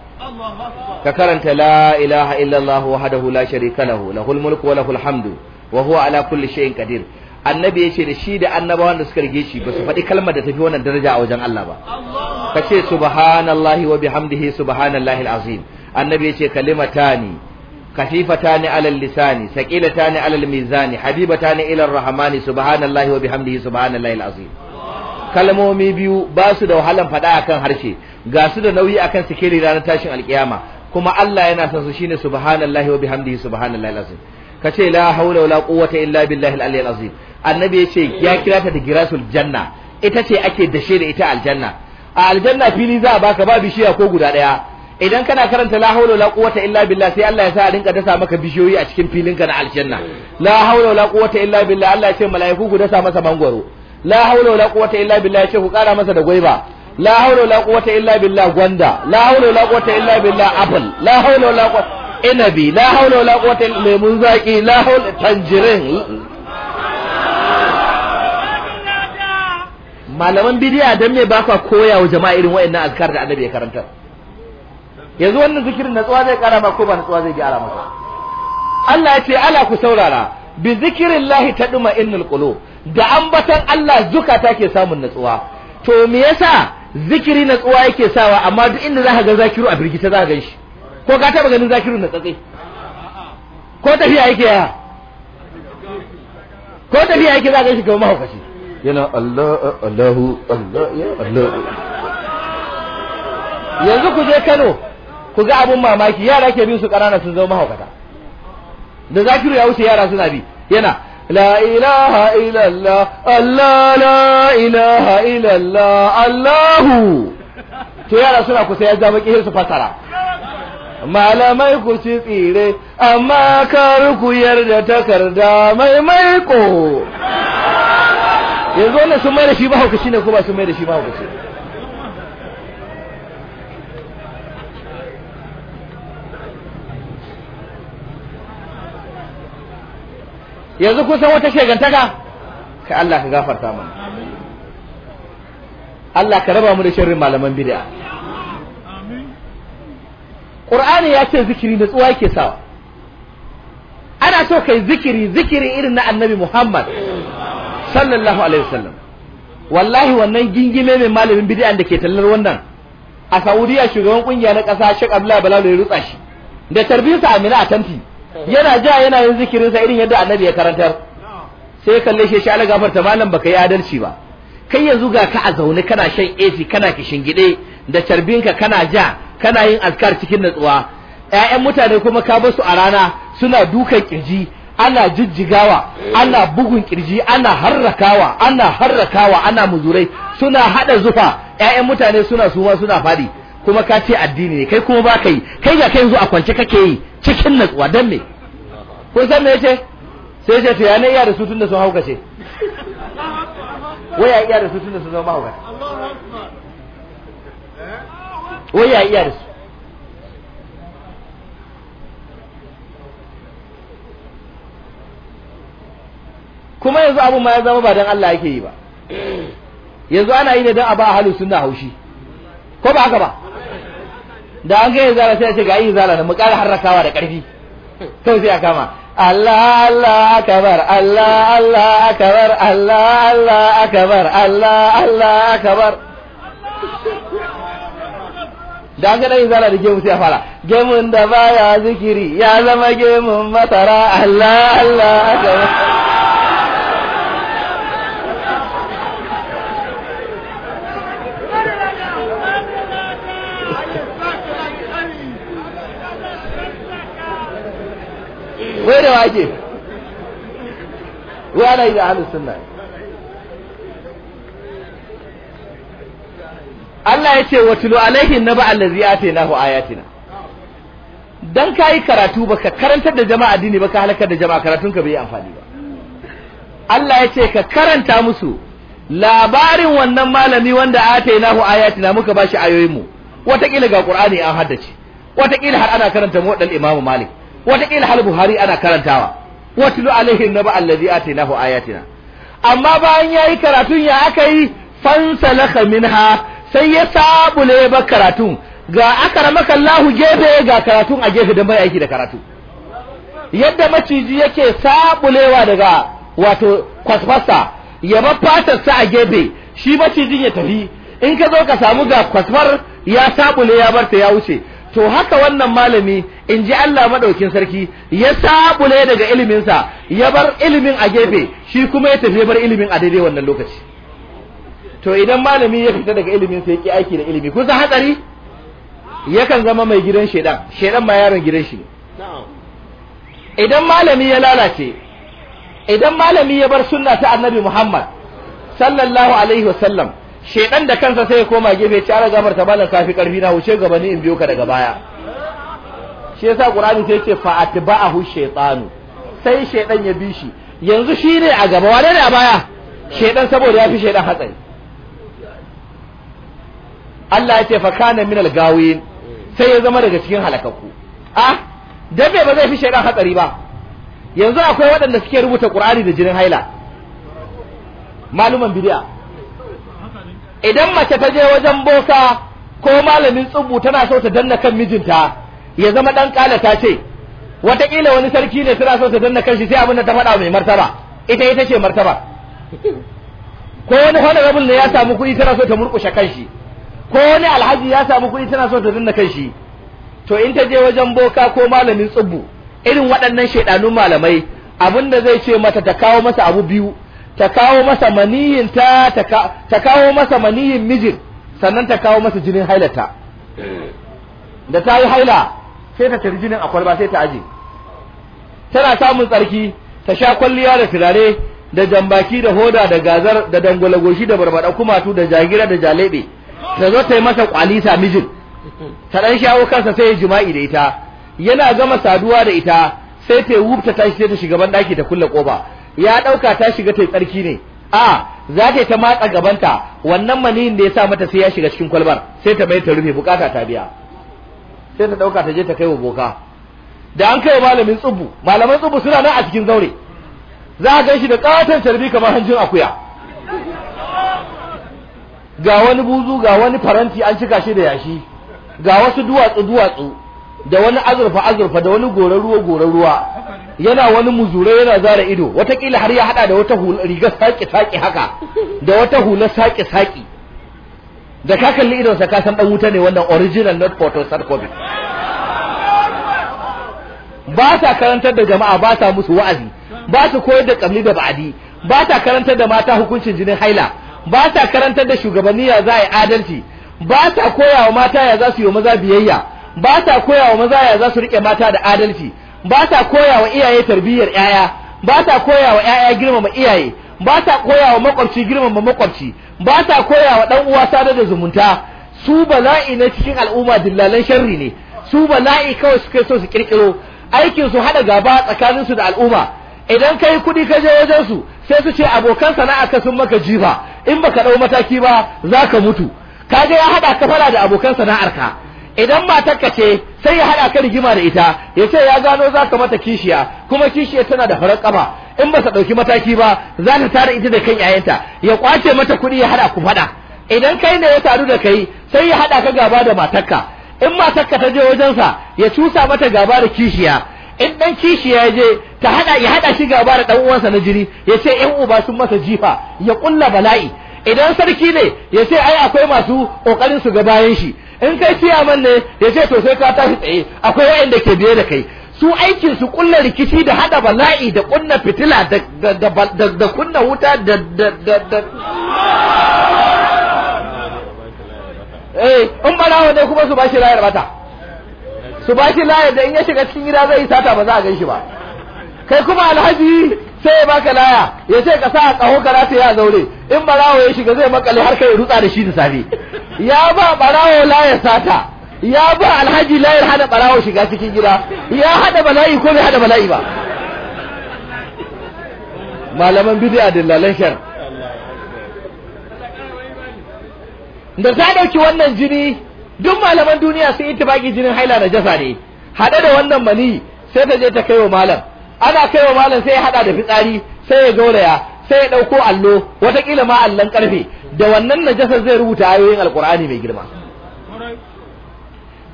ka karanta la ilaha illallah wahdahu la sharika lahu lahul mulku wa lahul hamdu wa huwa ala kulli shay'in qadir annabi yace da shi da annabawan da suka rige shi ba su faɗi kalmar da tafi wannan daraja a wajen Allah ba kace subhanallahi wa bihamdihi subhanallahi alazim annabi yace kalimatani خفيفتان على اللسان ثقيلتان على الميزان حبيبتان إلى الرحمن سبحان الله وبحمده سبحان الله العظيم kalmomi biyu ba su da wahalan faɗa akan harshe ga su da nauyi akan sikeli ranar tashin alkiyama kuma Allah yana san su shine subhanallahi wa bihamdihi subhanallahi alazim kace la haula wala quwwata illa billahi aliyyil azim annabi yace ya kira da girasul janna ita ce ake dashe da ita aljanna a aljanna fili za a baka ba bishiya ko guda ɗaya. idan kana karanta la haula wala quwwata illa billah sai Allah ya sa a rinka dasa maka bishiyoyi a cikin filinka na aljanna la haula wala quwwata illa billah Allah ya ce mala'iku ku dasa masa mangwaro la haula wala quwwata illa billah ya ce ku kara masa da gwaiba la haula wala quwwata illa billah gwanda la haula wala quwwata illa billah apple la haula wala quwwata inabi la haula wala quwwata lemun zaki la haula tanjirin malaman bidiya dan me ba ka koya wa jama'a irin wa'annan azkar da annabi ya karantar yanzu wannan zikirin natsuwa zai kara ma ko ba natsuwa zai gyara maka Allah ya ce ala ku saurara bi zikirin lahi ta duma innul qulub da ambatan Allah zukata ke samun natsuwa to me yasa zikiri natsuwa yake sawa amma duk inda zaka ga zakiru a birgita zaka gan shi ko ka taba ganin zakiru na tsatsai ko tafiya yake ya ko tafiya yake zaka gan shi kamar mahaukaci yana Allah Allahu Allah ya Allah yanzu ku je Kano ku ga abun mamaki yara ke bin su ƙanana sun zama mahaukata da zakiru ya wuce yara suna bi yana la ilaha illallah allah la ilaha illallah allahu to yara suna kusa ya zama kihir su fasara malamai ku ci tsire amma kar ku yarda takarda mai maiko yanzu wannan sun mai da shi mahaukaci ne ko ba sun mai da shi mahaukaci ne yanzu kusan wata shegantaka Ka Allah ka gafarta mana Allah ka raba mu da sharrin malaman bid'a Qur'ani ya ce zikiri da tsuwa yake sawa ana so kai zikiri zikiri irin na Annabi Muhammad sallallahu alaihi wasallam wallahi wannan gingime mai malamin bid'a da ke tallar wannan a Saudiya shugaban kungiya na kasa Sheikh Abdullahi Balalo ya rutsa shi da tarbiyarsa Amina a tanti yana ja yana yin zikirin sa irin yadda annabi ya karantar sai ya kalle shi shi ala gafarta malam baka yi adalci ba kai yanzu ga ka a zaune kana shan AC kana kishin kishingide da carbinka kana ja kana yin azkar cikin natsuwa ƴaƴan mutane kuma ka basu a rana suna dukan kirji ana jijjigawa ana bugun kirji ana harrakawa ana harrakawa ana muzurai suna hada zufa ƴaƴan mutane suna suma suna fadi kuma ka ce addini ne kai kuma ba ka yi kai ga kai yanzu a kwance kake yi cikin natsuwa dan me kun san me yace sai yace to ya ne iya da su tunda sun haukace ya iya da su tunda sun zama wai ya iya da su kuma yanzu abun ma ya zama ba dan Allah yake yi ba yanzu ana yi ne dan a ba ahlus sunna haushi ko ba haka ba da an ga yanzu sai ce ga yi zala mu ƙara harrakawa da ƙarfi kawai sai a kama الله الله أكبر الله الله أكبر الله الله أكبر الله الله أكبر da aka dai zara da gemu sai fara gemun da baya zikiri ya zama gemun matara Allah Allah akbar wai da wake wai ana yi da ahlus sunna Allah ya ce watulu alaihi naba allazi atainahu ayatina dan kai karatu baka karantar da jama'a dini baka halakar da jama'a karatun ka bai amfani ba Allah ya ce ka karanta musu labarin wannan malami wanda atainahu ayatina muka bashi ayoyin mu watakila ga qur'ani an haddace watakila har ana karanta mu dan imamu malik wataƙila hal buhari ana karantawa watlu alaihi naba allazi atainahu ayatina amma bayan yayi karatun ya aka yi fansalakha minha sai ya sabule ba karatun ga akramaka Allahu gefe ga karatun a gefe dan bai aiki da karatu yadda maciji yake sabulewa daga wato kwasfasa ya bar fatarsa a gefe shi macijin ya tafi in ka zo ka samu ga kwasfar ya sabule ya barta ya wuce to haka wannan malami in ji Allah maɗaukin sarki ya sabule daga iliminsa ya bar ilimin a gefe shi kuma ya tafi bar ilimin a daidai wannan lokaci to idan malami ya fita daga ilimin sa ƙi aiki da ilimi kun san hatsari yakan zama mai gidan shedan shedan ma yaron gidan shi idan malami ya lalace idan malami ya bar sunna ta annabi Muhammad sallallahu alaihi wasallam shedan da kansa sai ya koma gefe ya tsara gamar ta malan kafi karfi na wuce gaba ni in biyo ka daga baya shi yasa qur'ani sai yace fa atba'ahu shaytanu sai shedan ya bi shi yanzu shi ne a gaba wane ne a baya shedan saboda ya fi shedan hatsari Allah ya ce fa kana min al-gawin sai ya zama daga cikin halakakku ah dabe ba zai fi shedan hatsari ba yanzu akwai waɗanda suke rubuta qur'ani da jinin haila maluman bid'a idan mace ta je wajen boka ko malamin tsubu tana so ta danna kan mijinta ya zama dan ta ce wataƙila wani sarki ne tana so ta danna kan shi sai abin da ta faɗa mai martaba ita ita ce martaba ko wani rabin ne ya samu kuɗi tana so ta murƙushe kan shi ko wani alhaji ya samu kuɗi tana so ta danna kan shi to in ta je wajen boka ko malamin tsubu irin waɗannan shaidanun malamai abin da zai ce mata ta kawo masa abu biyu ta kawo masa maniyin ta ta kawo masa maniyin mijin sannan ta kawo masa jinin hailata eh. da ta yi haila sai ta tari jinin akwai ba sai ta aji. tana samun tsarki ta sha kwalliya da turare da jambaki da hoda da gazar da dangwalagoshi da barbada kumatu da jagira da jalebe ta zo ta yi masa kwalisa mijin ta dan shawo kansa sai ya jima'i da ita yana gama saduwa da ita sai ta yi wubta ta shi sai ta shiga ban daki ta kulle koba ya ɗauka ta shiga tai tsarki ne a za ta ta matsa gabanta wannan maniyin da ya sa mata sai ya shiga cikin kwalbar sai ta bai ta rufe bukata ta biya sai ta dauka ta je ta kai wa boka da an kai wa malamin tsubu malaman tsubu suna nan a cikin zaure za a ganshi da katon tarbi kamar hanjin akuya ga wani buzu ga wani faranti an cika shi da yashi ga wasu duwatsu duwatsu da wani azurfa azurfa da wani goran ruwa goran ruwa yana wani muzure yana zara ido watakila har ya hada da wata rigar saki-saki haka da wata hula saki-saki da ka kalli sa ka san wuta ne wannan original not photo ba sa karantar da jama'a ba sa musu wa'azi ba su koyar da kamli da ba'adi ba ta karantar da mata hukuncin jinin haila ba ta karantar da shugabanni ya za a yi adalci ba ta koya wa mata ya za su yi maza biyayya ba ta koya wa maza ya za su rike mata da adalci ba ta koya wa iyaye tarbiyyar yaya ba ta koya wa yaya girmama iyaye ba ta koya wa makwabci girmama makwabci ba ta koya wa dan uwa sadar da zumunta su bala'i na cikin al'umma dillalan sharri ne su bala'i kawai suke so su kirkiro aikin su hada gaba tsakanin su da al'umma idan kai kudi ka je wajen su sai su ce abokan sana'a ka sun maka jifa in baka dau mataki ba zaka mutu kaje ya hada ka da abokan sana'ar ka idan matarka ce sai ya hada ka rigima da ita ya ce ya gano za ka mata kishiya kuma kishiya tana da farar kama in ba sa dauki mataki ba za ta tara ita da kan yayanta ya kwace mata kuɗi ya hada ku fada idan kai ne ya taru da kai sai ya hada ka gaba da matarka in matarka ta je wajensa ya cusa mata gaba da kishiya in dan kishiya ya je ta hada ya hada shi gaba da dan uwansa na jiri ya ce ƴan uba sun masa jifa ya kulla bala'i idan sarki ne ya ce ai akwai masu kokarin su ga bayan shi in kai man ne ya ce to sai ka tashi tsaye akwai wayanda ke biye da kai su aikin su kunna rikici da hada bala'i da kunna fitila da kunna wuta da da eh in ne kuma su bashi layar bata su bashi layar da in ya shiga cikin gida zai sata ba za a ganshi ba kai kuma alhaji sai ya baka laya ya ce ka sa a kaho ka rataye a zaure in barawo ya shiga zai makale har kai rutsa da shi da safe ya ba barawo la ya sata ya ba alhaji la ya hada barawo shiga cikin gida ya hada bala'i ko bai hada bala'i ba malaman bid'a dillalan shar da ta dauki wannan jini duk malaman duniya sun baki jinin haila da jasa ne hada da wannan mani sai ta je ta kai wa malam ana kai wa malam sai ya hada da fitsari sai ya gauraya sai ya dauko allo watakila ma allan karfe da wannan najasa zai rubuta ayoyin alkur'ani mai girma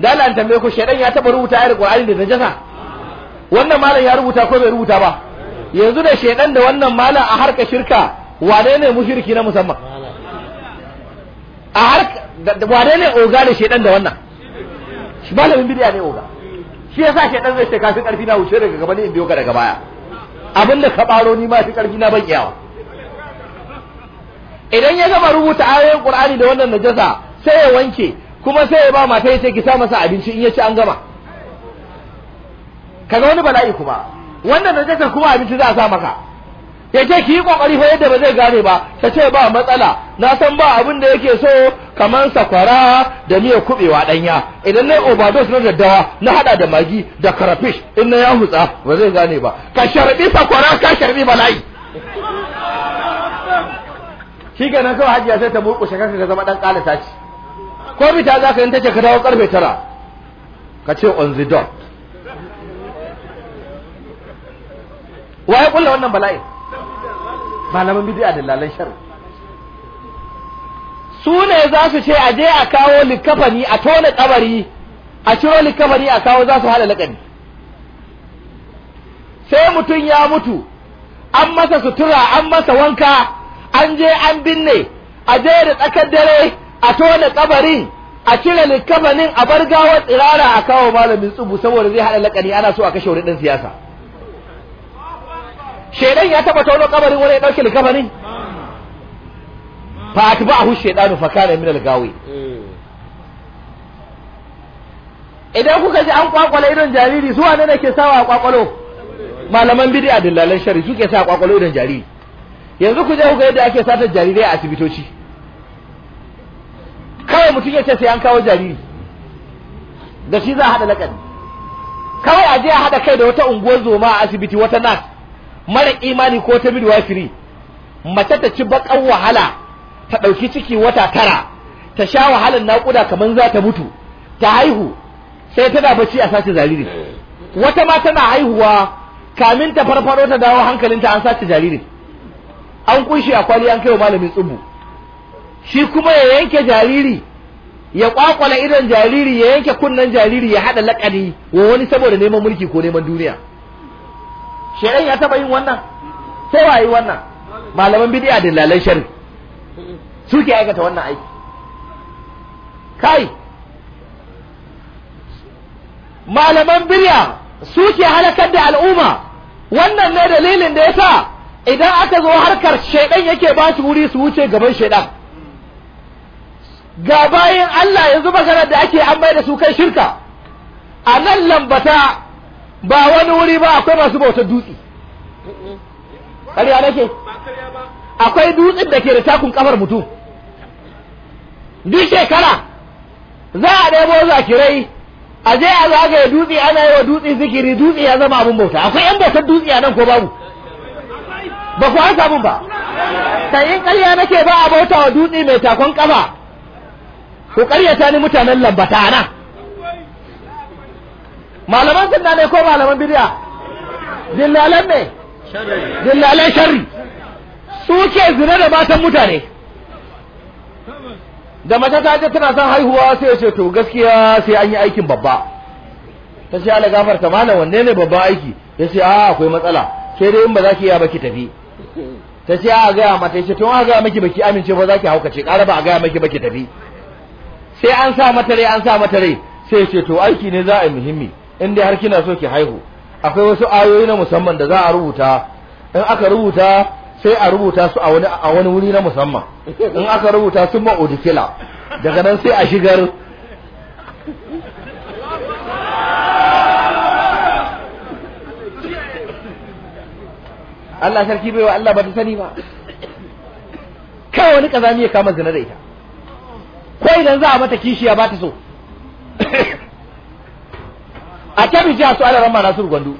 da Allah an tambaye ku shedan ya taba rubuta ayar alkur'ani da najasa wannan malam ya rubuta ko bai rubuta ba yanzu da shedan da wannan malam a harka shirka wane ne mushriki na musamman a harka wane ne oga da shedan da wannan shi malamin bid'a ne oga shi yasa shedan zai ce kafin karfi na wuce daga gaba ne in biyo ka daga baya abinda ka baro ni ma fi karfi na ban iyawa idan ya gama rubuta ayoyin qur'ani da wannan najasa sai ya wanke kuma sai ya ba mata ya ce ki sa masa abinci in ya ci an gama kaga wani bala'i kuma wannan najasar kuma abinci za a sa maka ya ce ki yi kokari fa yadda ba zai gane ba ta ce ba matsala na san ba abin da yake so kamar sakwara da miyar kubewa danya idan na overdose na daddawa na hada da magi da karafish in na ya hutsa ba zai gane ba ka sharbi sakwara ka sharbi bala'i shi kenan kawai hajiya sai ta murƙushe kanka ka zama dan ƙalata ce ko bita za ka yi ta ce ka dawo karfe tara ka ce on the dot wa ya kulla wannan bala'in malaman bidiya da lalan sharri su ne za su ce a je a kawo likafani a tona kabari a ciro likafani a kawo za su hada lakani sai mutum ya mutu an masa sutura an masa wanka an je an binne a je da tsakar dare a tona kabarin a cire likabanin a bar gawar tsirara a kawo malamin tsubu saboda zai haɗa lakani ana so a kashe wani ɗan siyasa shedan ya taba tono kabarin wani ya ɗauki likabanin fa atba'ahu shaytanu fa kare min al-gawi idan kuka ji an kwakwale idon jariri zuwa ne nake sawa a kwakwalo malaman bid'a dillalan shari suke sa kwakwalo idon jariri yanzu ku je ku ga yadda ake satar jarirai a asibitoci kawai mutum ya ce sai an kawo jariri da shi za a haɗa lakani kawai a je a haɗa kai da wata unguwar zoma a asibiti wata nas mara imani ko ta midwifery mace ta ci baƙar wahala ta ɗauki ciki wata tara ta sha wahalar naƙuda kamar za ta mutu ta haihu sai tana bacci a sace jaririn eh. wata ma tana haihuwa kamin ta farfaro ta dawo hankalinta an sace jaririn an kunshi a kwali an kaiwa malamin tsubu shi kuma ya yanke jariri ya kwakwala idon jariri ya yanke kunnan jariri ya hada lakani wa wani saboda neman mulki ko neman duniya shedan ya taba yin wannan sai wa yi wannan malaman bidiya da lalai shari suke aikata wannan aiki kai malaman bid'a suke halakar da al'umma wannan ne dalilin da ya sa. idan aka zo harkar shaidan yake ba su wuri su wuce gaban shaidan ga bayan Allah yanzu maganar da ake an da su kai shirka a nan lambata ba wani wuri ba akwai masu bautar dutse ƙarya nake akwai dutsen da ke da takun kafar mutum duk shekara za a ɗebo zakirai a je a zagaye dutse ana yi wa dutse zikiri dutse ya zama abin bauta akwai yan bautar dutse a nan ko babu ba ku an samu ba sai in ƙarya nake ba a bauta wa dutse mai takon ƙafa ku ƙaryata ni mutanen lambata na, malaman sunna ne ko malaman bidiya dillalan ne dillalan sharri ke zina da matan mutane da mace ta je tana son haihuwa sai ya ce to gaskiya sai an yi aikin babba ta ce ala gafarta malam wanne ne babban aiki ya ce a ah, akwai matsala sai dai in ba za ki iya ba ki tafi ta ce a gaya mata ce tun a gaya maki baki amince ba za ki haukace ƙara ba a gaya maki baki tafi sai an sa mata rai an sa mata rai sai ce to aiki ne za a yi muhimmi in dai har kina so ki haihu akwai wasu ayoyi na musamman da za a rubuta in aka rubuta sai a rubuta su a wani a wani wuri na musamman in aka rubuta su ma odikila daga nan sai a shigar Allah sarki baiwa Allah ba ta sani ba kai wani kazami ya kama zina da ita ko idan za a mata kishiya ba ta so a tabi jiya su ala ramma nasu gwandu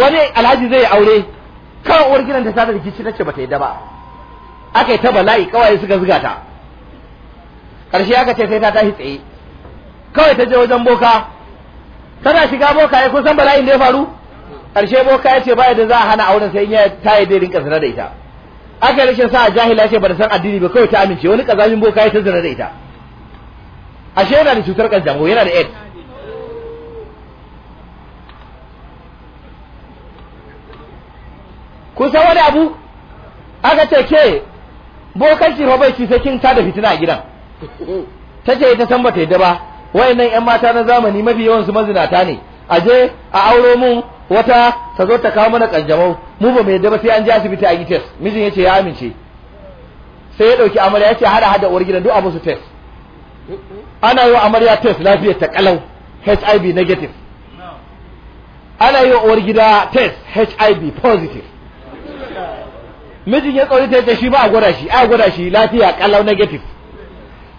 wani alhaji zai aure kawai uwar gidan ta sada rikici na ce bata yadda ba aka yi ta bala'i kawai suka zuga ta karshe aka ce sai ta tashi tsaye kawai ta je wajen boka tana shiga boka ya kusan bala'in da ya faru ƙarshe boka ya ce ba da za a hana auren sai ya ta yi dai rinka zina da ita aka yi rashin sa a jahila ce ba da san addini ba kawai ta amince wani ƙazamin boka ya ta zina da ita ashe yana da cutar kanjamau yana da aids kun san wani abu aka ce ke bokanci fa bai ci sai kin tada fitina a gidan ta ce ta san bata yadda ba wayannan yan mata na zamani mafi yawan su mazinata ne a je a auro mun wata ta zo ta kawo mana kanjamau mu ba mu yadda ba sai an je asibiti an yi test mijin yace ya amince sai ya dauki amarya yace hada hada uwar gidan duk a su test ana yi wa amarya test lafiyar ta kalau HIV negative ana yi wa uwar gida test HIV positive mijin ya tsori ta yace shi ba a gwada shi a gwada shi lafiya kalau negative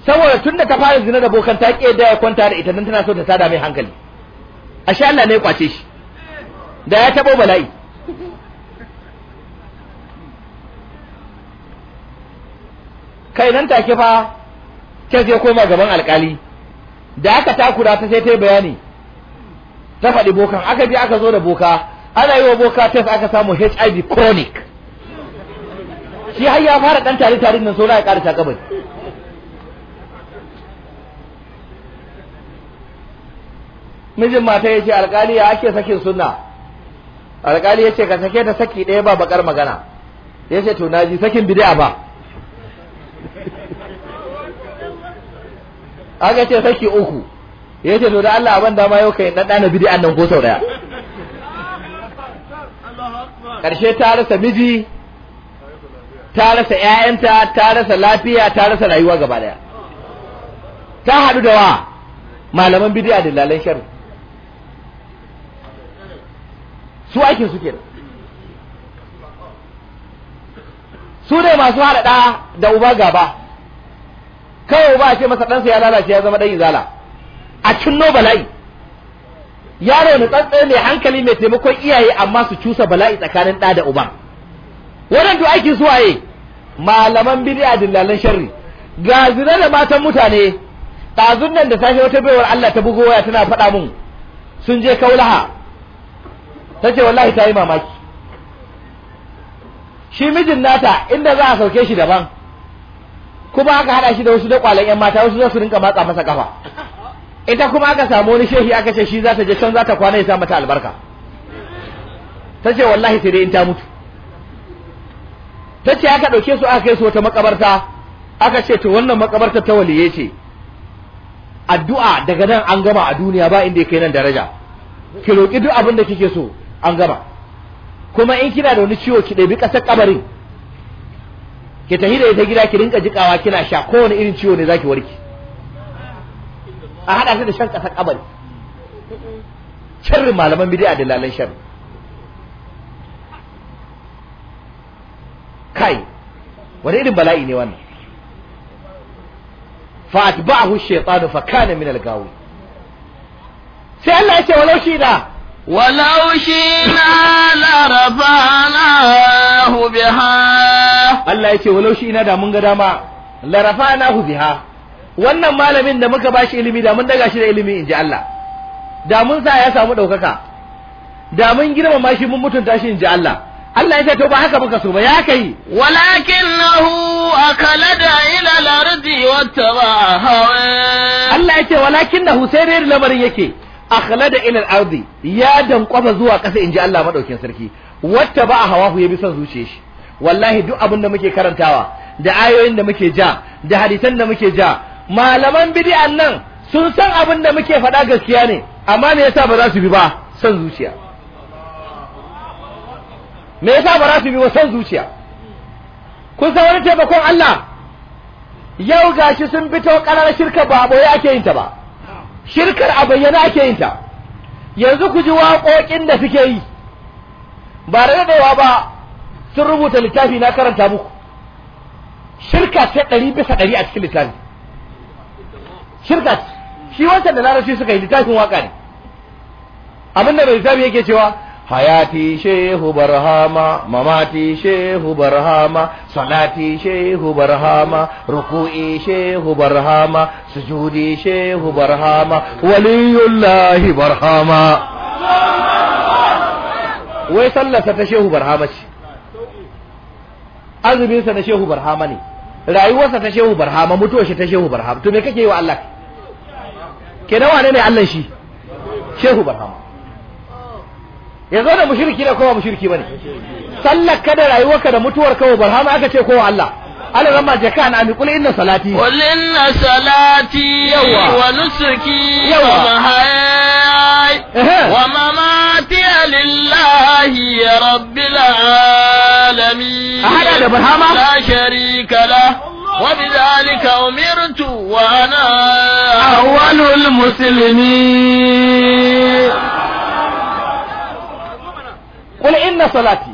saboda tun da ta fara zina da bokan ta ke da ya kwanta da ita nan tana so ta tada mai hankali ashe Allah ne ya kwace shi da ya tabo bala'i kai nan take fa kes ya koma gaban alkali da aka takura ta sai ta yi bayani ta faɗi bokan aka je aka zo da boka ana yi wa boka test aka samu HIV chronic shi har ya fara ɗan tare tare nan na ya ƙara takabai mijin mata ya ce alƙali ya ake sakin sunna alƙali ya ce ka sake ta saki ɗaya ba bakar magana ya ce to ji sakin bid'a ba aka ce saki uku ya ce to da Allah abin dama yau kai dan dana bid'an nan ko sau daya karshe ta rasa miji ta rasa ƴaƴanta ta rasa lafiya ta rasa rayuwa gaba daya ta haɗu da wa malaman bid'a da lalan sharri su aikin su kenan su ne masu haɗa ɗa da uba gaba kawai uba ce masa ɗansa ya lalace ya zama ɗan izala a cinno bala'i yaro na tsantsaye mai hankali mai taimakon iyaye amma su cusa bala'i tsakanin ɗa da uba wannan to aikin su waye malaman bid'a dillalan sharri ga zina da matan mutane ɗazun nan da safe wata baiwar Allah ta bugo waya tana faɗa mun sun je kaulaha tace wallahi ta yi mamaki shi mijin nata inda za a sauke shi daban kuma aka hada shi da wasu da kwalen yan mata wasu za su rinka matsa masa kafa ita kuma aka samu wani shehi aka ce shi za ta je can za ta kwana ya sa mata albarka ta ce wallahi sai dai in ta mutu ta ce aka ɗauke su aka kai su wata makabarta aka ce to wannan makabarta ta waliye ce addu'a daga nan an gama a duniya ba inda ya kai nan daraja ki roƙi duk abin da kike so an gama kuma in kina da wani ciwo ki ɗabi ƙasar kabarin ki tafi da ita gida ki rinka jikawa kina sha kowane irin ciwo ne za ki warki a haɗa ta da shan ƙasar kabari sharrin malaman bid'a da lalan sharri kai wani irin bala'i ne wannan fa atba'ahu shaytanu fa kana min al-gawi sai Allah ya ce walau shi da ولو شئنا لرفعناه بها الله يتي ولو شئنا دا من قداما لرفعناه بها wannan malamin da muka bashi ilimi da mun daga shi da ilimi inji Allah da mun sa ya samu daukaka da mun girmama shi mun mutunta shi inji Allah Allah ya ce to ba haka muka so ba ya kai walakinahu akalada ila al-ardi wattaba hawa Allah ya ce walakinahu sai dai lamarin yake akhlada ila al-ardi ya dankwafa zuwa ƙasa inji Allah madaukin sarki wata ba a hawahu ya bi son zuciye shi wallahi duk abin da muke karantawa da ayoyin da muke ja da hadisan da muke ja malaman bid'an nan sun san abin da muke faɗa gaskiya ne amma me yasa ba za su bi ba son zuciya me yasa ba za su bi ba son zuciya kun san wani taimakon Allah yau gashi sun fito ƙarar shirka ba boye ake yin ta ba shirkar a bayyana ake yin ta yanzu ku ji waƙoƙin da suke yi ba da daɗewa ba sun rubuta littafi na karanta muku shirka ce ɗari bisa ɗari a cikin littafi shirka shi wancan da larabci suka yi littafin waƙa ne abinda mai littafi yake cewa hayati shehu barhama mamati shehu barhama salati shehu barhama ruku'i shehu barhama sujudi shehu barhama waliyullahi barhama wai sallarsa ta shehu barhama ce azuminsa na shehu barhama ne rayuwarsa ta shehu barhama mutuwar ta shehu barhama to me kake yi wa Allah ke? da wane ne Allah shi shehu barhama yanzu wannan mushriki ne ko ba mushriki bane sallar ka da rayuwarka da mutuwar ka barhama aka ce kowa Allah Allah ramma je ka na kul inna salati kul inna salati wa nusuki wa mahayai wa mamati lillahi rabbil alamin hada da barhama la sharika la وبذلك أمرت وأنا أول المسلمين qul inna salati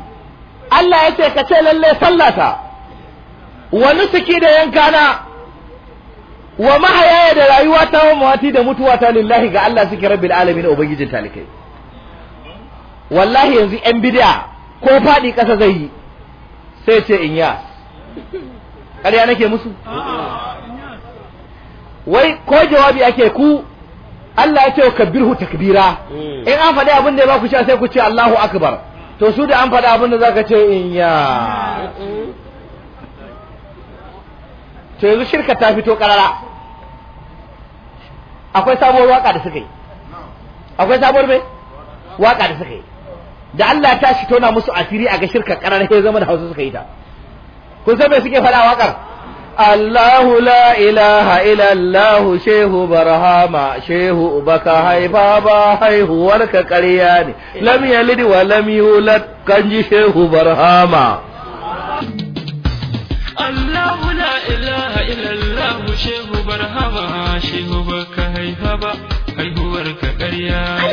Allah yace ka ce lalle sallata wa nusuki da yankana wa mahayaya da rayuwata wa mawati da mutuwa ta, lillahi ga Allah suke rabbil alamin ubangijin talikai wallahi yanzu yan bid'a ko faɗi ƙasa zai yi sai ce in ya ƙarya nake musu wai ko jawabi ake ku Allah ya ce wa kabbirhu takbira in an faɗi abin da ya ba ku sha sai ku ce Allahu akbar to su da an faɗa abin da zaka ce in ya to yanzu shirka ta fito karara akwai sabuwar waka da suka yi akwai sabuwar mai waka da suka yi da Allah ta shi tona musu asiri a ga shirka karara ya zama da Hausa suka yi ta kun san me suke faɗa wakar الله لا إله إلا الله شيخ برهاما شيخ أبكا هاي بابا هاي هو لك قرياني لم يلد ولم يولد كنج شيخ برهاما الله لا إله إلا الله شيخ برهاما شيخ أبكا هاي بابا هاي هو لك قرياني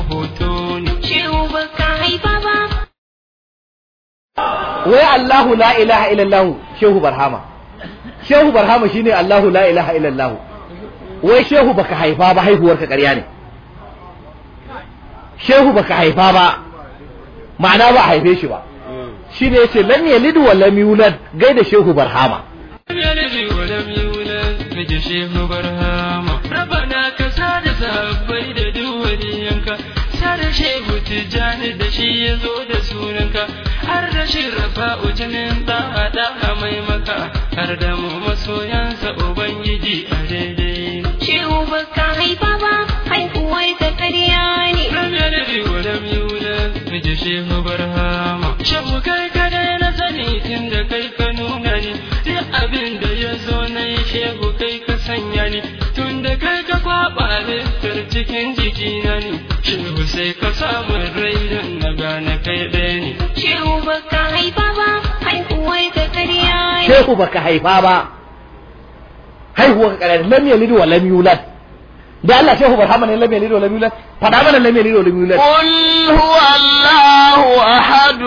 wai Allahu la ilaha illallah shehu barhama shehu barhama shine Allahu la ilaha illallah wai shehu baka haifa ba haihuwar ka ƙarya ne shehu baka haifa ba ma'ana ba haife shi ba shine yace lam yalid wa lam yulad gaida shehu barhama lam yalid wa lam yulad gaida shehu barhama rabana ka sada sabai da yanka. sada shehu tijani da shi yazo da sunanka cin rafa'u jinin ɗa'a a mai maka har da mu masoyansa ubangiji a daidai. Shi uba ka haifa ba haihuwar ta karya ne. Ranar da gwadam yula miji shehu hama. Shehu kai kadai na sani tun da kai ka nuna ni duk abin da ya zo na yi shehu kai ka sanya ni tun da kai ka kwaɓa littar cikin jikina ne shehu sai ka samu shehu baka haifa ba haihuwa ka karar lam yalid wa lam yulad da Allah shehu bar hamana lam yalid wa lam yulad fada mana lam yalid wa lam yulad qul huwa allahu ahad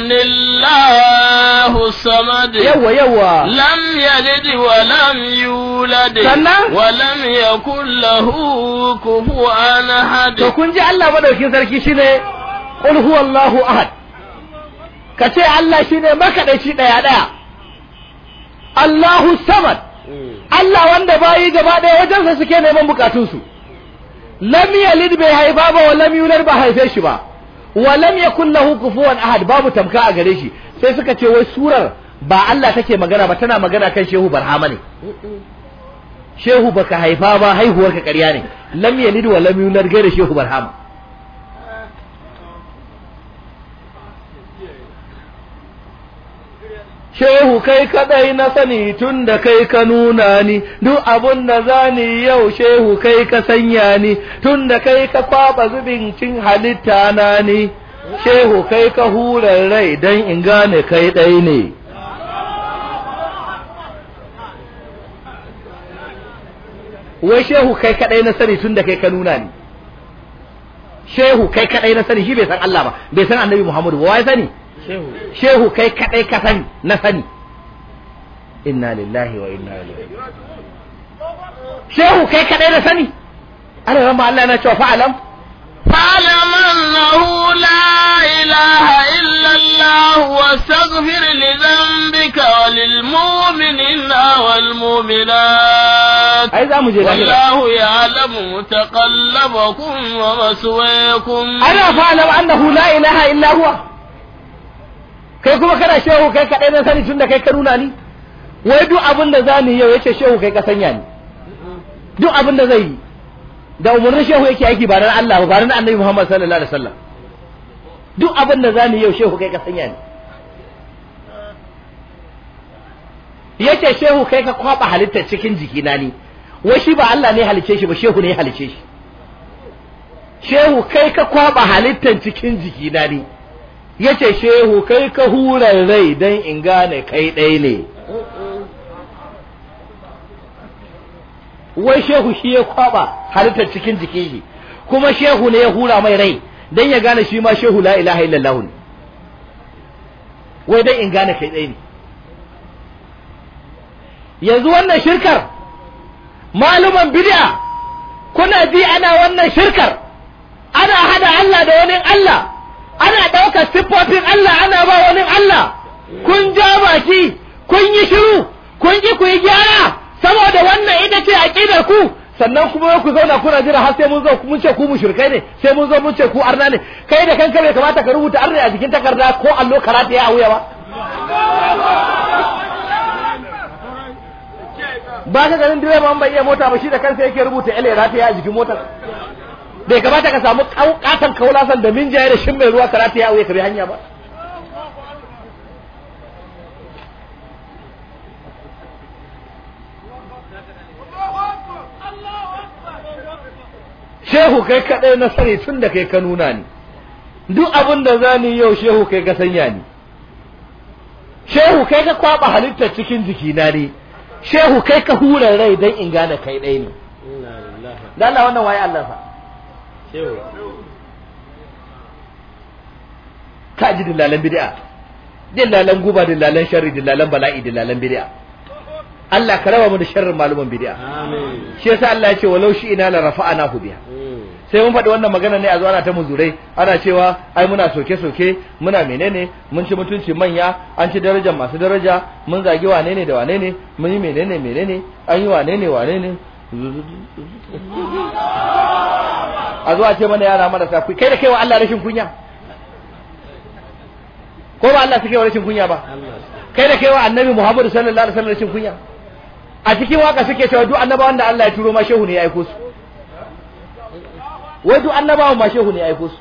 lillahu samad yawa yawa lam yalid wa lam yulad sannan wa lam yakul lahu kufuwan ahad to kun ji Allah madaukin sarki shine qul huwa allahu ahad ce Allah shine makadaici daya daya Allahu samad mm. Allah wanda bayi gaba ɗaya wajensa suke neman bukatunsu lam yalid bai haifa ba wa lam yulad ba haife shi ba wa lam yakul lahu kufuwan ahad babu tamka a gare shi sai suka ce wai surar ba Allah take magana ba tana magana kan Shehu Barhama ne Shehu baka haifa ba haihuwarka ƙarya ne lam yalid wa lam yulad Shehu Barhama shehu kai kadai na sani tun da kai ka nuna ni duk abun da zani yau shehu kai ka sanya ni tun da kai ka kwaba zubin cin halitta na ni shehu kai ka hurar rai don in gane kai ɗai ne wai shehu kai kadai na sani tun da kai ka nuna ni shehu kai kadai na sani shi bai san Allah ba bai san annabi Muhammadu ba wai sani شهو كي كي كفن نفني إنا لله وإنا إليه شهو كي كي نفني أنا رمى الله أنا شوف أعلم فاعلم أنه لا إله إلا الله واستغفر لذنبك وللمؤمنين والمؤمنات والله يعلم متقلبكم ومثويكم أنا فاعلم أنه لا إله إلا هو kai kuma kana shehu kai kaɗai na sani tun da kai ka nuna ni wai duk abin da za ni yau yace shehu kai ka sanya ni duk abin da zai yi da umarnin shehu yake aiki ba ran Allah ba ran Annabi Muhammad sallallahu alaihi wasallam duk abin da za ni yau shehu kai ka sanya ni yace shehu kai ka kwaba halittar cikin jikina ni wai shi ba Allah ne halice shi ba shehu ne halice shi shehu kai ka kwaba halittar cikin jikina ni yace shehu kai ka hura rai dan in gane kai ɗai ne wai shehu shi ya kwaba halittar cikin jikin shi kuma shehu ne ya hura mai rai dan ya gane shi ma shehu la ilaha illallah ne wai dan in gane kai ɗai ne yanzu wannan shirkar maluman bid'a kuna bi ana wannan shirkar ana hada Allah da wani Allah ana ɗaukar siffofin Allah ana ba wani Allah kun ja baki kun yi shiru kun ki ku yi gyara saboda wannan ita ce aqidar ku sannan kuma ku zauna kuna jira har sai mun zo mun ce ku mushrikai ne sai mun zo mun ce ku arna ne kai da kanka bai kamata ka rubuta arna a jikin takarda ko allo karata ya auya ba ba ka ganin direba bai iya mota ba shi da kansa yake rubuta ele rata ya a jikin motar bai kamata ka samu kaukatan kaulasan da min jaye da shin mai ruwa karata ya auye ka bi hanya ba shehu kai kaɗai na sani tun da kai ka nuna ni duk abin da ni yau shehu kai ka sanya ni shehu kai ka kwaba halittar cikin jikina ne shehu kai ka hura rai don in gane kai ɗai ne Allah wannan waye Allah fa ka ji dillalan bid'a dillalan guba dillalan sharri dillalan bala'i dillalan bid'a Allah ka raba mu da sharrin maluman bid'a amin shi yasa Allah ya ce walau shi ina la rafa'ana hu biha hmm. sai mun faɗi wannan magana ne a zuwa ta muzurai ana cewa ai muna soke-soke muna menene mun ci mutunci manya an ci darajar masu daraja mun zagi wane ne da wane ne mun yi menene menene an yi wane ne wane ne a zuwa ce mana yara marasa ku kai da kai wa Allah rashin kunya ko ba Allah suke wa rashin kunya ba kai da kai wa annabi Muhammadu sallallahu alaihi wasallam rashin kunya a cikin waka suke cewa duk annaba wanda Allah ya turo ma shehu ne ya aiko su wai duk annabawan ma shehu ne ya aiko su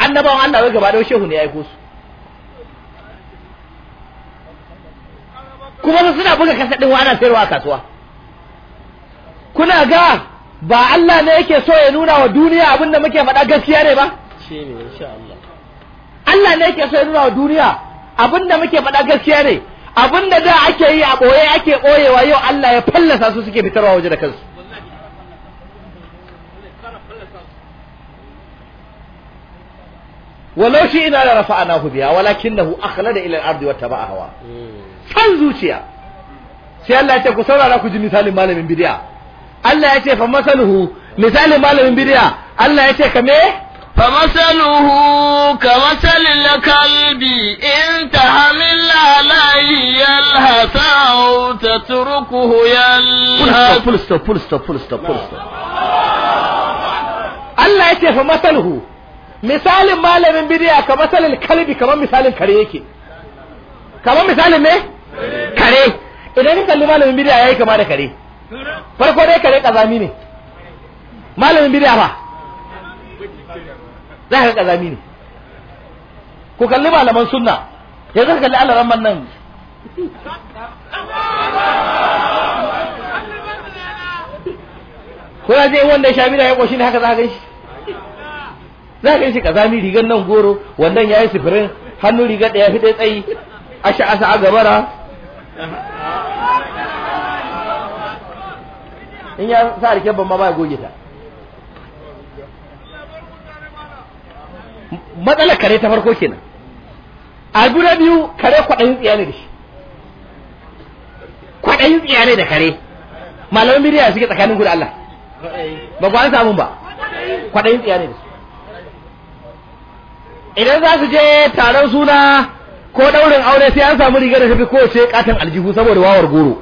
annabawan Allah ya gaba da shehu ne ya aiko su kuma su suna buga kasa din ana sayarwa a kasuwa kuna ga ba Allah ne yake so ya nuna wa duniya abin da muke faɗa gaskiya ne ba shine insha Allah Allah ne yake so ya nuna wa duniya abin da muke faɗa gaskiya ne abin da da ake yi a ɓoye ake ɓoyewa yau Allah ya fallasa su suke fitarwa waje da kansu ولو شئنا لرفعناه بها ولكنه أخلد إلى الأرض واتبع هواه san zuciya sai Allah ya ce ku saurara ku ji misalin malamin bid'a Allah ya ce fa masaluhu misalin malamin bid'a Allah ya ce ka me fa masaluhu ka masalil kalbi in tahamil alayhi yalhasa aw tatrukuhu yalhasa full stop full stop full stop full stop Allah ya ce fa masaluhu misalin malamin bid'a ka masalil kalbi kamar misalin kare yake kamar misalin me kare idan ka kalli malamin bid'a yayi kama da kare farko dai kare kazami ne malamin bid'a ba za ka kazami ne ku kalli malaman sunna yanzu ka kalli Allah ramman nan ko ya je wanda ya sha bid'a ya koshi ne haka za ka ganshi za ka ganshi kazami rigar nan goro wannan ya yi sifirin hannu rigar da ya fi tsayi asha asa a gabara in ya sa rike ban ma ba goge ta matsalar kare ta farko kenan a guda biyu kare kwaɗayin tsiya ne da shi kwaɗayin tsiya ne da kare malamin biriya suke tsakanin guda Allah ba ku an samun ba kwaɗayin tsiya ne da su idan za su je taron suna ko daurin aure sai an samu rigar da tafi kowace katon aljihu saboda wawar goro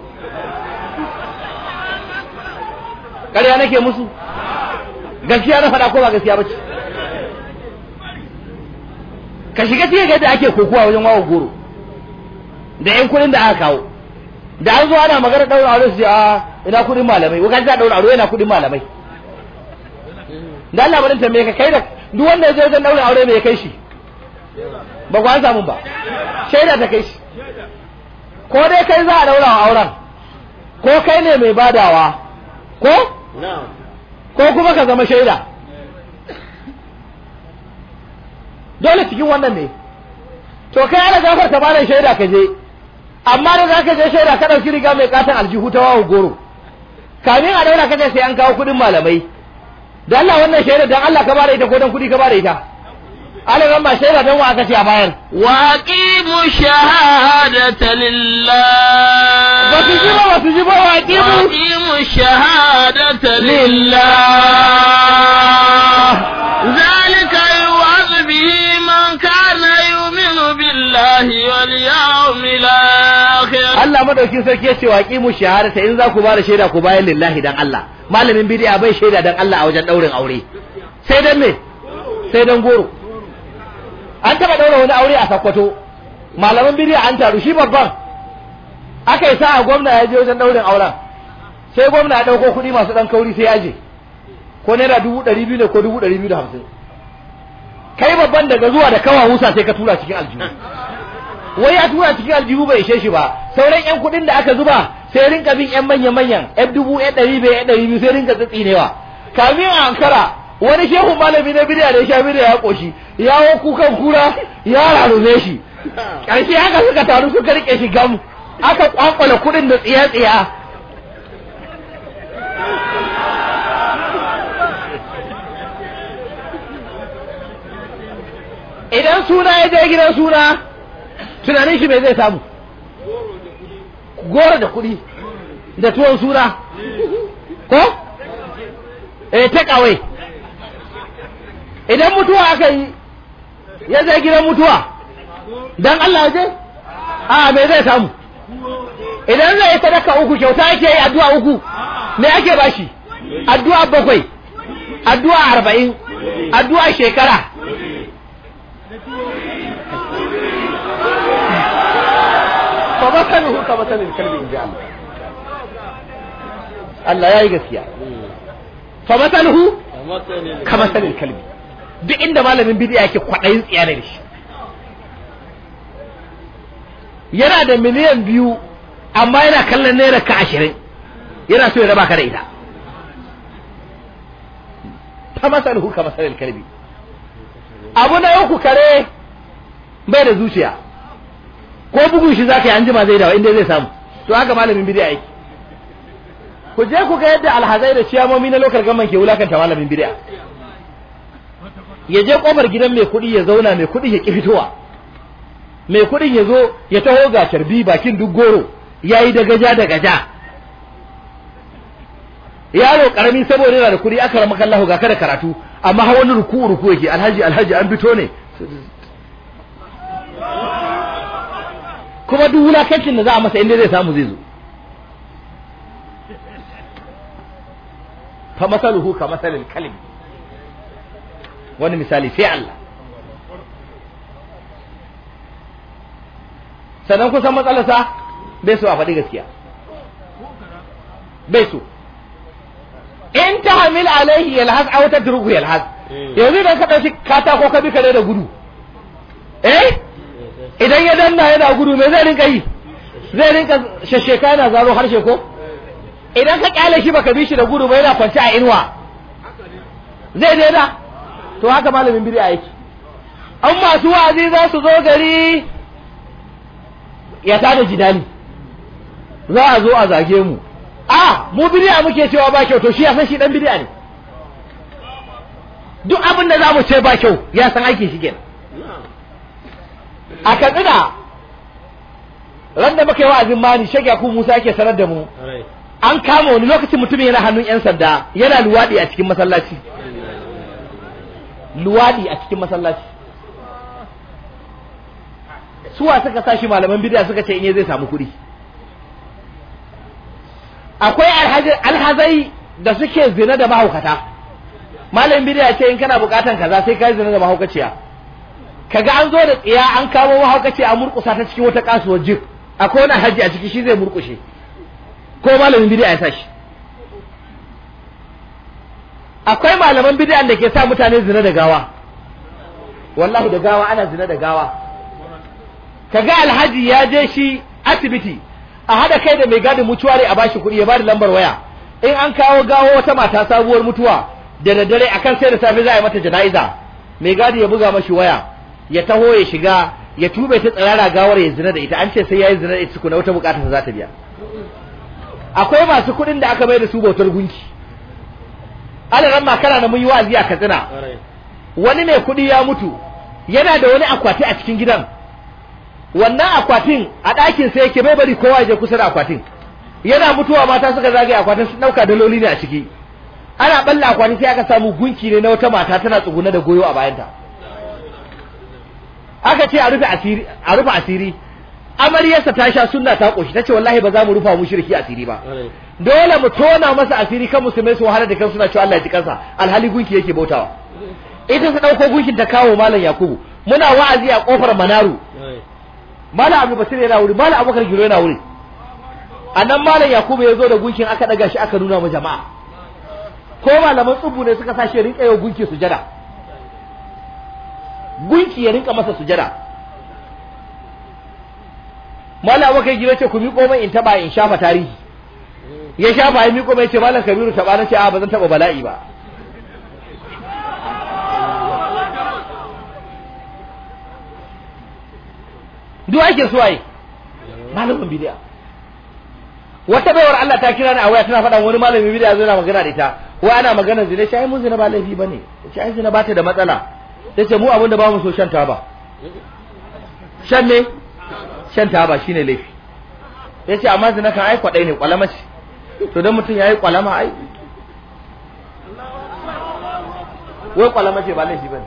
ƙarya nake musu gaskiya na faɗa ko ba gaskiya ba ce ka shiga cikin yadda ake kokowa wajen wawar goro da yan kuɗin da aka kawo da an zo ana magana daura aure su ce a ah, ina kuɗin malamai wakati za daura aure yana kuɗin malamai da Allah bari tambaye ka kai da duk wanda ya je wajen daura aure me ya kai shi ba ku an samu ba shaida ta kai shi ko dai kai za a daura a auren ko kai ne mai badawa ko ko kuma ka zama shaida dole cikin wannan ne to kai ana gafar ta bada shaida ka je amma da za ka je shaida ka dauki riga mai katon aljihu ta wawo goro kamin a daura ka je sai an kawo kudin malamai da Allah wannan shaida don Allah ka bada ita ko don kudi ka bada ita alaran ba shaida dan wa ce a bayar wa aqimu shahadata lillah ba su ji ba su ji ba wa aqimu aqimu shahadata lillah zalika yu'az bihi man kana yu'minu billahi wal yawmil akhir Allah madaukin sarki ya ce wa aqimu shahadata in za ku ba da shaida ku bayar lillahi dan Allah malamin bid'a bai shaida dan Allah a wajen daurin aure sai dan me sai dan goro an taba daura wani aure a sakkwato malaman bidiya an taru shi babban aka yi sa'a gwamna ya je wajen daurin auren sai gwamna ya dauko kuɗi masu dan kauri sai je ko naira dubu ɗari biyu ne ko dubu ɗari biyu da hamsin kai babban daga zuwa da kawa wusa sai ka tura cikin aljihu wai ya tura cikin aljihu bai ishe shi ba sauran yan kuɗin da aka zuba sai rinka bin yan manya manyan yan dubu yan ɗari biyu yan ɗari biyu sai rinka tsitsinewa kamin a ankara wani shehu malami na bidiya da ya sha bidiya ya koshi ya wo kukan kura ya rarume shi ƙarshe haka suka taru suka rike shi gam aka kwakwala kuɗin da tsiya-tsiya idan suna ya je gidan suna tunanin shi mai zai samu goro da kuɗi da tuwon suna ko? eh take away idan mutuwa aka yi ya zai gidan mutuwa don Allah ya je a me zai samu idan zai sadaka uku kyauta ake yi addu'a uku me ake bashi addu'a bakwai addu'a arba'in addu'a shekara فمثله كمثل الكلب إن جاء الله يا gaskiya فمثله كمثل الكلب duk inda malamin bidiya yake kwaɗayin tsiya da shi yana da miliyan biyu amma yana kallon naira ka ashirin yana so ya raba ka da ita ta masaluhu ka masalin kalbi abu na yau kare bai da zuciya ko bugun shi zaka yi anjima zai dawa inda zai samu to haka malamin bidiya yake ku je ku ga yadda alhazai da ciyamomi na lokal gaman ke wulakanta malamin bidiya ya je kofar gidan mai kuɗi ya zauna mai kuɗi ya ƙi fitowa mai kuɗin ya zo ya taho ga tarbi bakin duk goro ya yi da gaja da gaja yaro karami saboda yana da kuɗi aka rama kallahu ga kada karatu amma har wani ruku ruku yake alhaji alhaji an fito ne kuma duk wulakancin da za a masa inda zai samu zai zo fa masaluhu ka masalin kalimi wani misali sai Allah sannan kusan matsalarsa bai so a faɗi gaskiya bai so in ta hamil alaihi yalhaz a wata turku yalhaz eh. yanzu idan ka ɗauki katako ka bi kare da gudu eh idan ya danna yana gudu me zai rinka yi zai rinka shasheka yana zaro harshe ko idan ka kyale shi baka bi shi da gudu ba yana kwance a inuwa zai daina to haka malamin a yake an masu wa'azi za su zo gari ya tada jidali za a zo a zage mu a mu bid'a muke cewa ba kyau to shi ya san shi dan bid'a ne duk abin da za mu ce ba kyau ya san aiki shi kenan a katsina ran da muka yi wa'azin mani shek musa ake sanar da mu an kama wani lokacin mutumin yana hannun yan sanda yana luwaɗi a cikin masallaci luwadi a cikin masallaci suwa suka sashi malaman bid'a suka ce in zai samu kuɗi akwai alhazai da suke zina da mahaukata malamin bid'a ce in kana bukatan kaza sai ka zina da mahaukaciya kaga an zo da tsiya an kamo mahaukaci a murkusa ta cikin wata kasuwar jib akwai wani alhaji a ciki shi zai murkushe ko malamin bid'a ya sashi akwai malaman bid'an da ke sa mutane zina da gawa wallahi da gawa ana zina da gawa kaga alhaji ya je shi asibiti a hada kai da mai gadin mutuwari a bashi kuɗi ya bada lambar waya in an kawo gawo wata mata sabuwar mutuwa da daddare akan sai da safe za a yi mata jana'iza mai gadi ya buga mashi waya ya taho ya shiga ya tube ta tsirara gawar ya zina da ita an ce sai ya yi zina da ita tukuna wata bukata za ta biya akwai masu kuɗin da aka mai da su bautar gunki alaran makara da mun yi wazi a katsina wani mai kuɗi ya mutu yana da wani akwati a cikin gidan wannan akwatin a ɗakin sai yake bai bari kowa je kusa da akwatin yana mutuwa mata suka zagaye akwatin sun ɗauka daloli ne a ciki ana balla akwatin sai aka samu gunki ne na wata mata tana tsuguna da goyo a bayanta aka ce a rufe asiri a rufe amaryarsa ta sha sunna ta koshi tace wallahi ba za mu rufa mu shirki asiri ba dole mu tona masa asiri kan musulmai su wahala da kansu suna cewa Allah ya ji kansa alhali gunki yake bautawa ita su dauko gunkin ta kawo malam Yakubu muna wa'azi a kofar Manaru malam Abu Basir yana wuri malam Abubakar Giro yana wuri annan malam Yakubu ya zo da gunkin aka daga shi aka nuna ma jama'a ko malaman tsubu ne suka sashi rinka yau gunki sujada gunki ya rinka masa sujada malam Abubakar Giro ce ku bi komai in taba in shafa tarihi ya shafa ya miko mai ce malam kabiru taɓa na ce a ba zan taɓa bala'i ba duk ake so ai malamin bidiya wata baiwar Allah ta kira ni a waya tana faɗa wani malamin bidiya zai na magana da ita wai ana magana zina shi ai mun zina ba laifi bane shi ai zina ba ta da matsala yace mu abinda ba mu so shan taba shan ne shan taba shine laifi yace amma zina kan ai kwadai ne kwalamaci to dan mutum yayi kwalama ai wai kwalama ce ba laifi bane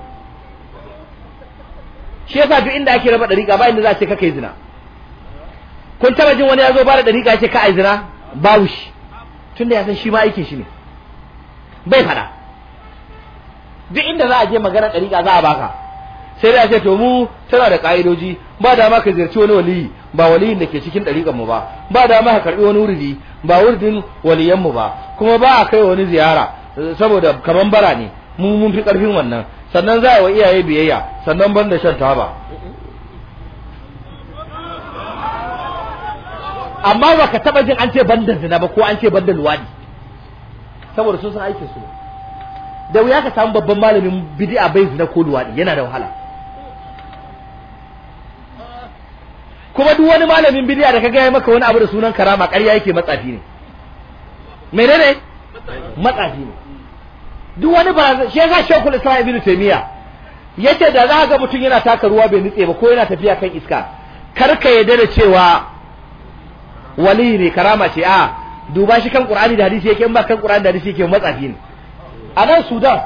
shi yasa duk inda ake raba dariƙa ba inda za a ce kaka yi zina kun taba jin wani ya zo ba da dariƙa ya ce ka ai zina babu shi tunda ya san shi ma aikin shi ne bai fada duk inda za a je magana dariƙa za a baka sai da ce to mu tana da ka'idoji ba da ma ka ziyarci wani waliyi ba waliyin da ke cikin ɗariƙar mu ba ba da ma karɓi wani wurdi ba wurdin waliyan ba kuma ba a kai wani ziyara saboda kaman bara ne mu mun fi karfin wannan sannan za a wa iyaye biyayya sannan ban da shan taba amma ba ka taɓa jin an ce ban da zina ba ko an ce ban da luwaɗi saboda sun san aikin su da wuya ka samu babban malamin bidi'a bai zina ko luwaɗi yana da wahala kuma duk wani malamin bidiya da ka gaya maka wani abu da sunan karama ƙarya yake matsafi ne menene matsafi ne duk wani ba shi yasa shekul islam ibnu taymiya yace da za ga mutum yana taka ruwa bai nutse ba ko yana tafiya kan iska kar ka yarda da cewa wali ne karama ce a duba shi kan qur'ani da hadisi yake in ba kan qur'ani da hadisi yake matsafi ne a nan sudan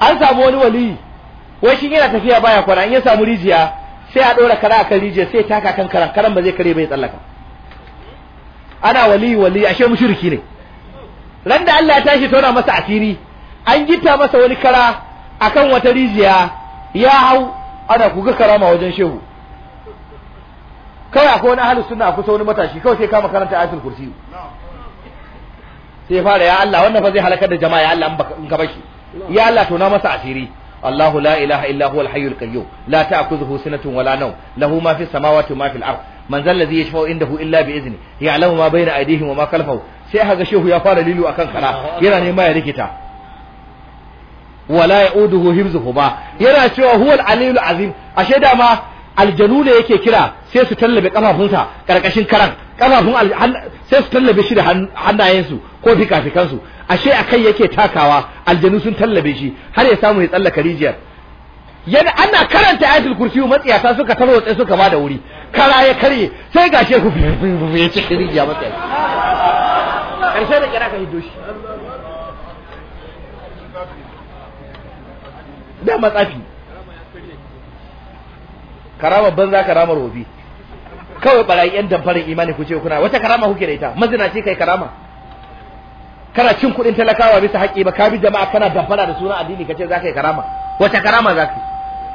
an samu wani wali wai shi yana tafiya baya kwana in ya samu rijiya sai a ɗora kara a kan rijiya sai taka kan karan karan ba zai kare bai tsallaka ana wali wali ashe mushriki ne ran da Allah ya tashi tona masa asiri an gita masa wani kara akan wata rijiya ya hau ana kuga karama wajen shehu kawai akwai wani ahlus sunna kusa wani matashi kawai sai kama karanta ayatul kursi sai fara ya Allah wannan fa zai halakar da jama'a ya Allah in ka bashi ya Allah tona masa asiri Allahu la ilaha illa huwal hayyul qayyum la ta'khudhuhu sinatun wala nawm lahu ma fis samawati ma fil ard man zal ladhi yashfa'u indahu illa bi izni ya'lamu ma bayna aydihim wa ma khalfahum sai haga shehu ya fara lilu akan kara yana nema ya rikita wala ya'uduhu hibzuhuma yana cewa huwal aliyul azim ashe dama aljanu ne yake kira sai su tallabe kafafunsa karkashin karan kafafun sai su tallabe shi da hannayensu ko fikafikansu ashe a kai yake takawa aljanu sun tallabe shi har ya samu ya tsallaka rijiyar yana ana karanta ayatul kursi mu matsiyata suka sai suka ba da wuri kara ya karye sai ga shehu ya ci rijiya matsiya karshe da kira ka hiddo shi da matsafi karama banza karamar hobi kawai barayi yan damfarin imani ku ce kuna wata karama kuke da ita mazinaci kai karama kana cin kuɗin talakawa bisa haƙƙi ba ka bi jama'a kana damfara da sunan addini ka ce za ka yi karama wata karama za ka yi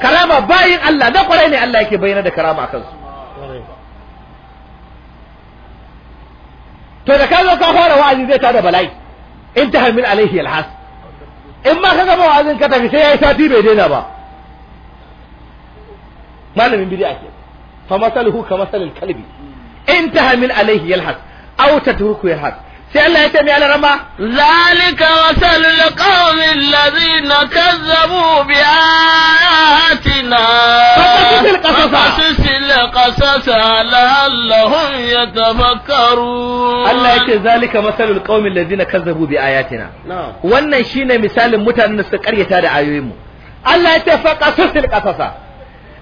karama bayin Allah na kwarai ne Allah yake bayyana da karama a kansu to da ka zo ka fara wa'azi zai tada bala'i in ta hamil alaihi alhas in ma ka gama wa'azin ka tafi sai yi sati bai daina ba malamin bid'a ke فمثله كمثل الكلب انتهى من عليه يلحظ او تتركه يلحظ سي الله يتمي على رمى ذلك مثل القوم الذين كذبوا بآياتنا فقصص القصص لعلهم يتفكرون الله يتمي ذلك مثل القوم الذين كذبوا بآياتنا نعم. وانا شينا مثال متى نستقر يتاري عيوهم الله يتمي فقصص القصص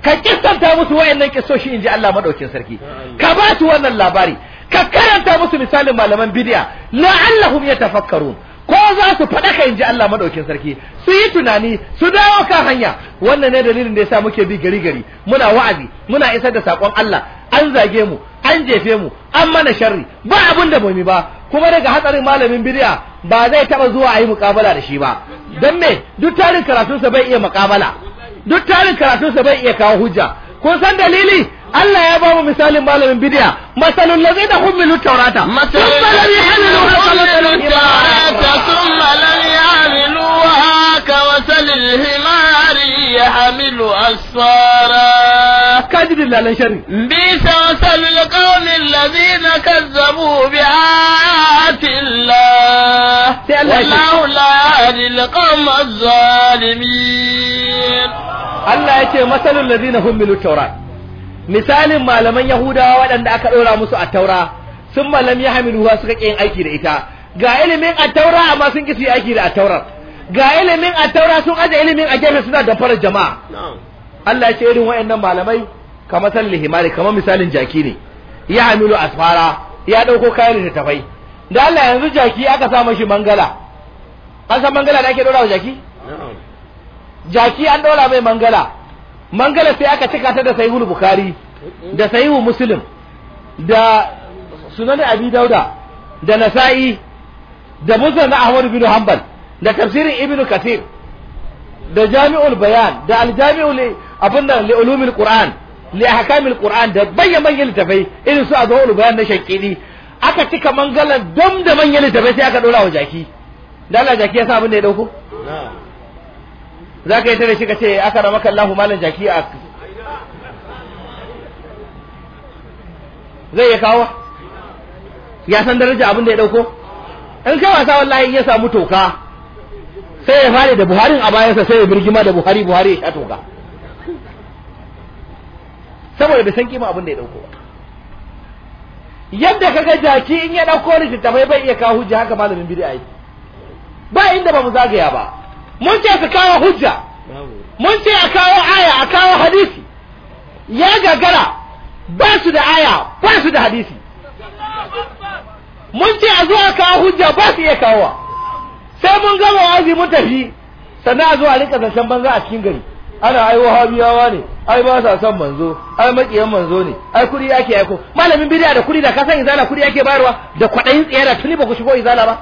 ka kissanta musu wayannan in ji Allah madaukin sarki ka ba su wannan labari ka karanta musu misalin malaman bid'a la'allahum yatafakkarun ko za su faɗa ka inji Allah madaukin sarki su yi tunani su dawo kan hanya wannan ne dalilin da yasa muke bi gari gari muna wa'azi muna isar da sakon Allah an zage mu an jefe mu an mana sharri ba abun da mu ba kuma daga hatsarin malamin biriya ba zai taɓa zuwa a yi mukabala da shi ba don me duk tarin karatunsa bai iya mukabala duk tarin karatun sa bai iya kawo hujja kun san dalili Allah ya ba mu misalin malamin bidiya masalul ladina humilu tawrata masalul ladina humilu tawrata thumma lam نحوها وسل الهمار يحمل أسفارا كاجد الله لن بيس وسل القوم الذين كذبوا بآيات الله والله لا يهدي القوم الظالمين الله يتي مثل الذين هم من التوراة misalin ما Yahudawa يهودا ولن ɗora musu التوراة ثم لم يحملوها سكين أيكي suka ga ilimin a taura amma sun kisi aiki da a taurar ga ilimin a taura sun aje ilimin a gefe suna da fara jama'a Allah ya ce irin waɗannan malamai kamar san lihimari kamar misalin jaki ne ya hamilu asfara ya ɗauko kayan littattafai da Allah yanzu jaki aka sa mashi mangala an san mangala da ake ɗora wa jaki jaki an ɗora mai mangala mangala sai aka cika ta da sahihul bukhari da sahihul muslim da sunan abi dauda da nasa'i da na Ahmadu bin hanbal da tafsirin ibnu kathir da jami'ul bayan da aljami'ul abinda li ulumil qur'an li ahkamil qur'an da bayan manyan littafai irin su azwaul bayan na shakidi aka cika mangalan dam da manyan littafai sai aka dora wa jaki da Allah jaki ya sa abin da ya dauko ka yi tare shi kace aka ramaka Allahu malan jaki a zai ya kawo ya san daraja abin da ya dauko in ka wasa wallahi ya samu toka sai ya fare da buharin a bayansa sai ya birgima da buhari buhari ya sha toka saboda bai san kima abin da ya dauko ba yadda kaga jaki in ya dauko littattafai bai iya kawo hujja haka malamin bid'a yi ba inda ba mu zagaya ba mun ce su kawo hujja mun ce a kawo aya a kawo hadisi ya gagara ba su da aya ba su da hadisi mun ce a zuwa kawo hujja ba su iya kawowa sai mun gama wazi mun tafi sannan a zo a rika zancen banza a cikin gari ana ai wahabiyawa ne ai ba sa son manzo ai makiyan manzo ne ai kuri yake ko malamin bidiya da kuri da ka san izala kuri yake bayarwa da kwadayin tsiyara tuni ba ku shigo izala ba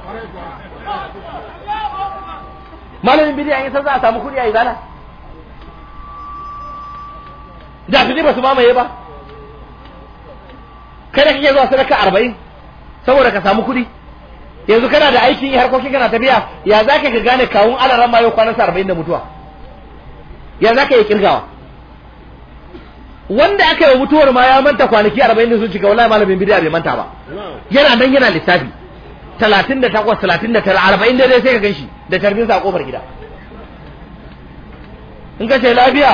malamin bidiya in san za a samu kuri a izala da tuni ba su mamaye ba kada kake zuwa sadaka 40 saboda ka samu kuri yanzu kana da aikin yi harkokin kana tafiya ya za ka gane kawun alaran mayo kwanan kwanansa arba'in da mutuwa ya za ka yi kirgawa wanda aka yi mutuwar ma ya manta kwanaki arba'in da sun cika wallahi malamin bidiya bai manta ba yana nan yana lissafi talatin da takwas talatin da tara arba'in da dai sai ka gan shi da tarbinsa a kofar gida in ka ce lafiya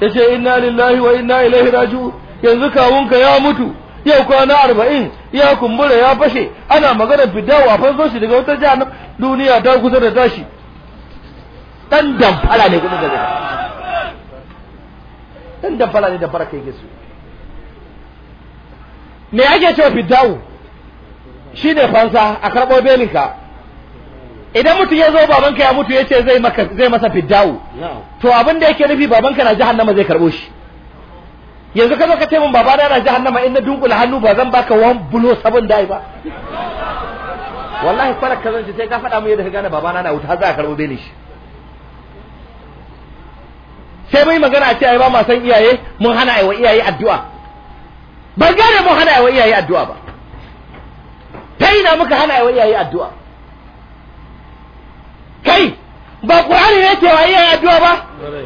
ya ce inna lillahi wa inna ilaihi raji'un yanzu kawunka ya mutu yau kwana arba'in ya kumbura ya fashe ana magana bidawo a fanso shi daga wata jihar duniya ta kusa da tashi dan damfara ne kuma gaba dan damfara ne da baraka yake su me ake cewa bidawo ne fansa a karɓar belinka idan mutum ya zo babanka ya mutu ya ce zai masa bidawo to abin da yake nufi babanka na jahannama zai karɓo shi yanzu ka zo ka ce min baba na jahannama in na dunkula hannu ba zan baka wan bulo sabon dai ba wallahi farak ka zan sai ka faɗa mu yadda ka gane baba na na wuta har za ka karbo bene shi sai mai magana a ce ai ba ma san iyaye mun hana ai wa iyaye addu'a ban gane mun hana ai wa iyaye addu'a ba Kai na muka hana ai wa iyaye addu'a kai ba qur'ani ne ke wa iyaye addu'a ba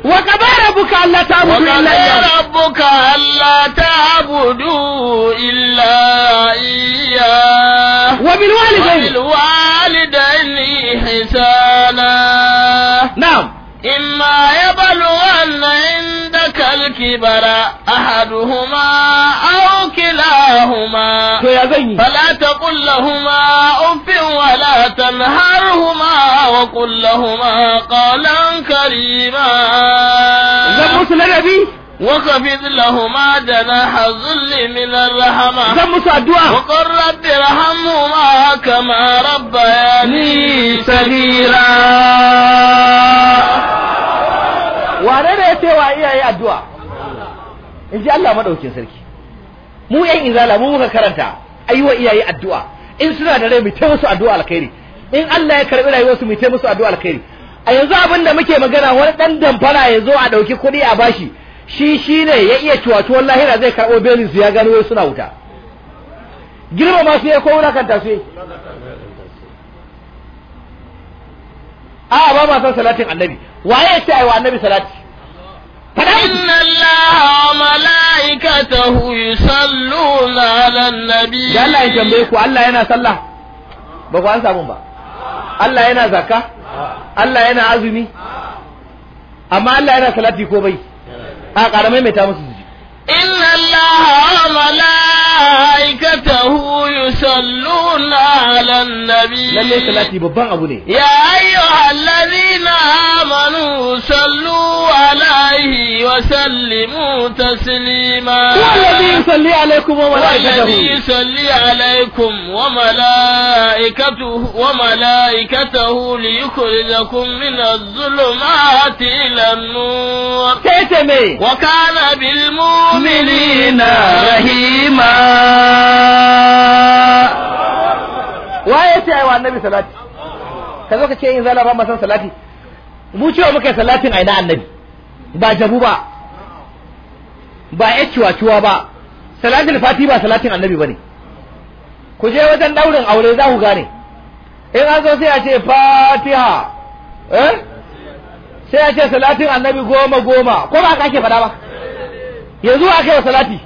وقضى ربك ألا تعبدوا إلا إياه ربك ألا تعبدوا إلا إياه وبالوالدين وبالوالدين إحسانا نعم إما يبلغن عندك الكبر أحدهما أو كلاهما فلا تقل لهما أف ولا تنهرهما وقل لهما قولا كريما وخفض لهما جناح الذل من الرحمة وقل رب ارحمهما كما ربياني صغيرا wane ne ya ce wa iyaye addu'a in ji Allah maɗaukin sarki mu yan izala mu muka karanta ayi wa iyaye addu'a in suna da rai mu ta musu addu'a alkhairi in Allah ya karbi rayuwarsu mu ta musu addu'a alkhairi a yanzu abinda muke magana wani dan damfara ya zo a ɗauki kuɗi a bashi shi ne ya iya wallahi na zai karɓo belin su ya gano wai suna wuta girma ma su ya ko wulakanta su a ba ma san salatin annabi waye ya ce ai wa annabi salati إن الله وملائكته يصلون على النبي Allah yana يجنبيكو ba ينا صلى بقوا أنسى بمبا yana ينا Allah yana ينا عزمي أما yana ينا صلاتي bai. a ma ta musu إن الله وملائكته يصلون على النبي يا أيها الذين آمنوا صلوا عليه وسلموا تسليما والذي يصلي عليكم وملائكته والذي يصلي عليكم وملائكته وملائكته ليخرجكم من الظلمات إلى النور وكان بالمؤمنين بالمؤمنين رحيما waye ce aiwa annabi salati ka zo ka ce in zala ba masan salati mu cewa muka salatin aina annabi ba jabu ba ba ya ciwa ciwa ba salatin fati ba salatin annabi bane ku je wajen daurin aure za ku gane in an zo sai a ce fatiha eh sai a ce salatin annabi goma goma ko ba ka ke faɗa ba yanzu aka yi salati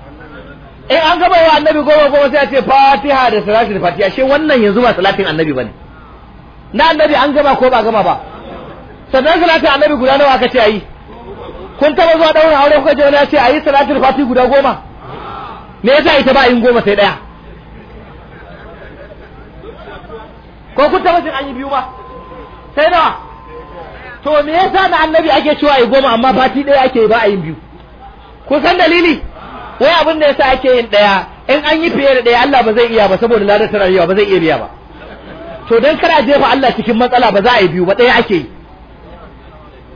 in eh, an gaba wa annabi goma goma sai a ce fatiha da salati da fatiha shi wannan yanzu ba salatin annabi bane na annabi an gaba ko ba gaba ba sannan salatin annabi guda nawa aka ce ayi kun taba zuwa daura aure kuka je wani ya ce ayi da fati guda goma me yasa ita ba yin goma sai daya ko kun taba jin an yi biyu ba sai nawa to me yasa na annabi ake cewa ayi goma amma fati daya ake ba a yin biyu Ku san dalili wai abin da yasa ake yin daya in an yi fiye da daya Allah ba zai iya ba saboda ladar tana yawa ba zai iya biya ba to dan kana jefa Allah cikin matsala ba za a yi biyu ba daya ake yi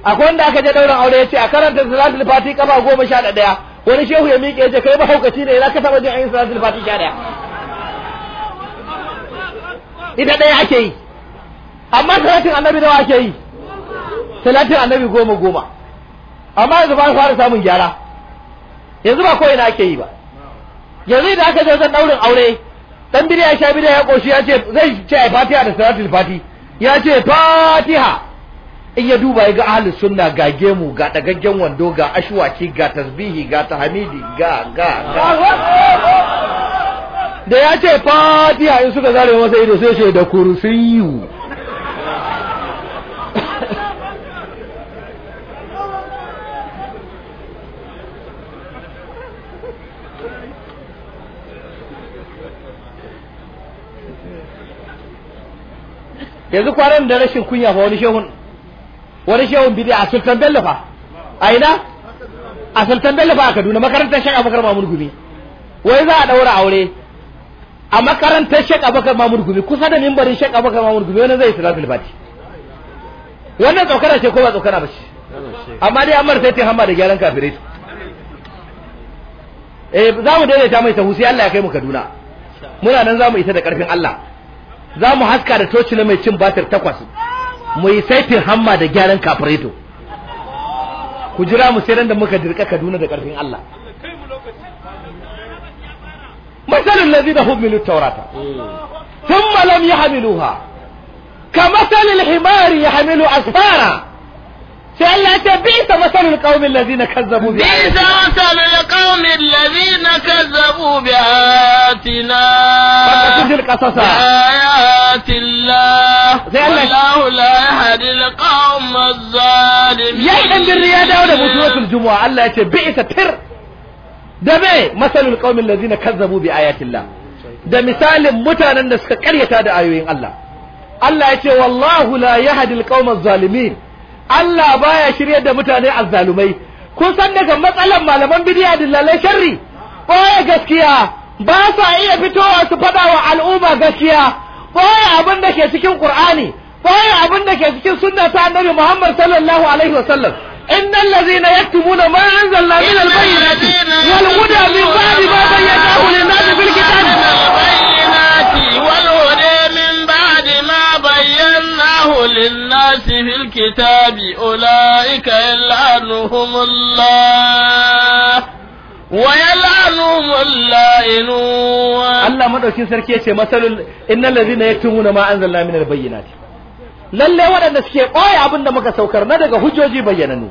akwai wanda aka je dauran aure ya ce a karanta salatul fati kafa goma sha daya wani shehu ya miƙe ya ce kai mahaukaci ne za ka taba jin ayin salatul fati sha daya ita daya ake yi amma salatin annabi nawa ake yi salatin annabi goma goma amma yanzu ba fara samun gyara yanzu ba ko ina ake yi ba yanzu idan aka je zan daurin aure dan bidiya sha bidiya ya koshi ya ce zai ce ai fatiha da salatul fati ya ce fatiha in ya duba ya ga ahli sunna ga gemu ga dagaggen wando ga ashwaki ga tasbihi ga tahmidi ga ga da ya ce fatiha in suka zare masa ido sai ce da kursiyu yanzu kwanan da rashin kunya fa wani shehun wani shehun a sultan bello fa a ina a sultan bello fa a kaduna makarantar shek abakar mamud gumi wai za a daura aure a makarantar shek abakar mamud gumi kusa da mimbarin shek abakar mamud gumi wani zai salatul fati wannan tsokana ce ko ba tsokana ba ce amma dai amma sai ta hamba da gyaran kafirai eh za mu daidaita mai tahusi Allah ya kai mu Kaduna muna nan za mu isa da karfin Allah za mu haska da toci na mai cin batir takwas mu yi saifin hamma da gyaran kafareto ku jira mu sai da muka dirka Kaduna da ƙarfin Allah masalul ladina humilu tawrata thumma lam Ka kamasalil himari hamilu asfara سألها تبيت مثل القوم الذين كذبوا بآياتنا بيت مثل القوم الذين كذبوا بآياتنا فتسجل قصصا بآيات الله والله لا أحد القوم الظالمين يحن بالريادة ولا بسورة الجمعة ألا تبيت تر دبي مثل القوم الذين كذبوا بآيات الله ده مثال متانا نسكر هذا آيوين الله الله يقول والله لا يهد القوم الظالمين Allah baya shirye da mutane azzalumai kun san daga matsalan malaman bidiya dillalai sharri ɓoye gaskiya ba sa iya fitowa su faɗa wa al'umma gaskiya ɓoye abin da ke cikin ƙur'ani ɓoye abin da ke cikin sunna ta annabi muhammad sallallahu alaihi wasallam إن الذين يكتمون min أنزلنا wal البينات والهدى من بعد ما بيناه للناس في الكتاب الله للناس في الكتاب أولئك يلعنهم الله ويلعنهم اللائنون الله مدوكين سركي يتي مثل إن الذين يكتمون ما أنزلنا من البينات lalle waɗanda suke ɓoye abin da muka saukar na daga hujjoji bayyananu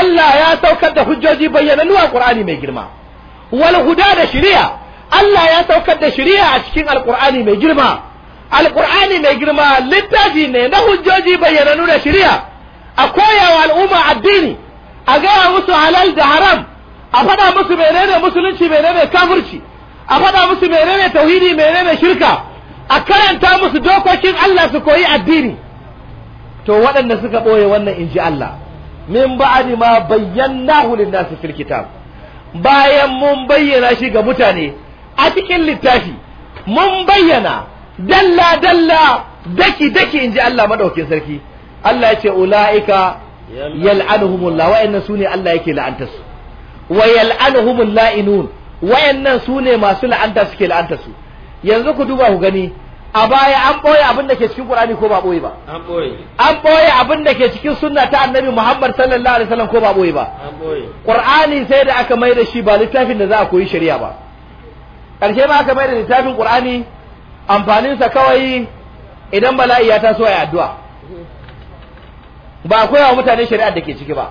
Allah ya saukar da hujjoji bayyananu a Qur'ani mai girma wal huda da shari'a Allah ya saukar da shari'a a cikin Alƙur'ani mai girma alkur'ani mai girma littafi ne na hujjoji bayyananu da shirya a koyawa al'umma addini a gaya musu halal da haram a faɗa musu menene musulunci menene kafirci a faɗa musu menene tauhidi menene shirka a karanta musu dokokin Allah su koyi addini to waɗanda suka ɓoye wannan in ji Allah min ba'di ma bayyana lin-nasi fil kitab bayan mun bayyana shi ga mutane a cikin littafi mun bayyana dalla dalla daki daki inji Allah madaukin sarki Allah ya ce ulaika yal'anuhumullah wa'annan sune Allah yake la'anta su wa yal'anuhumul la'inun wa'annan sune masu la'anta suke la'anta yanzu ku duba ku gani a baya an ɓoye abin da ke cikin Qur'ani ko ba ɓoye ba an boye an boye abin da ke cikin sunna ta annabi Muhammad sallallahu alaihi wasallam ko ba ɓoye ba an boye Qur'ani sai da aka mai da shi ba littafin da za a koyi shari'a ba karshe ma aka mai da littafin Qur'ani amfaninsa kawai idan bala'i ya taso a addu'a ba akwai wa mutane shari'ar da ke ciki ba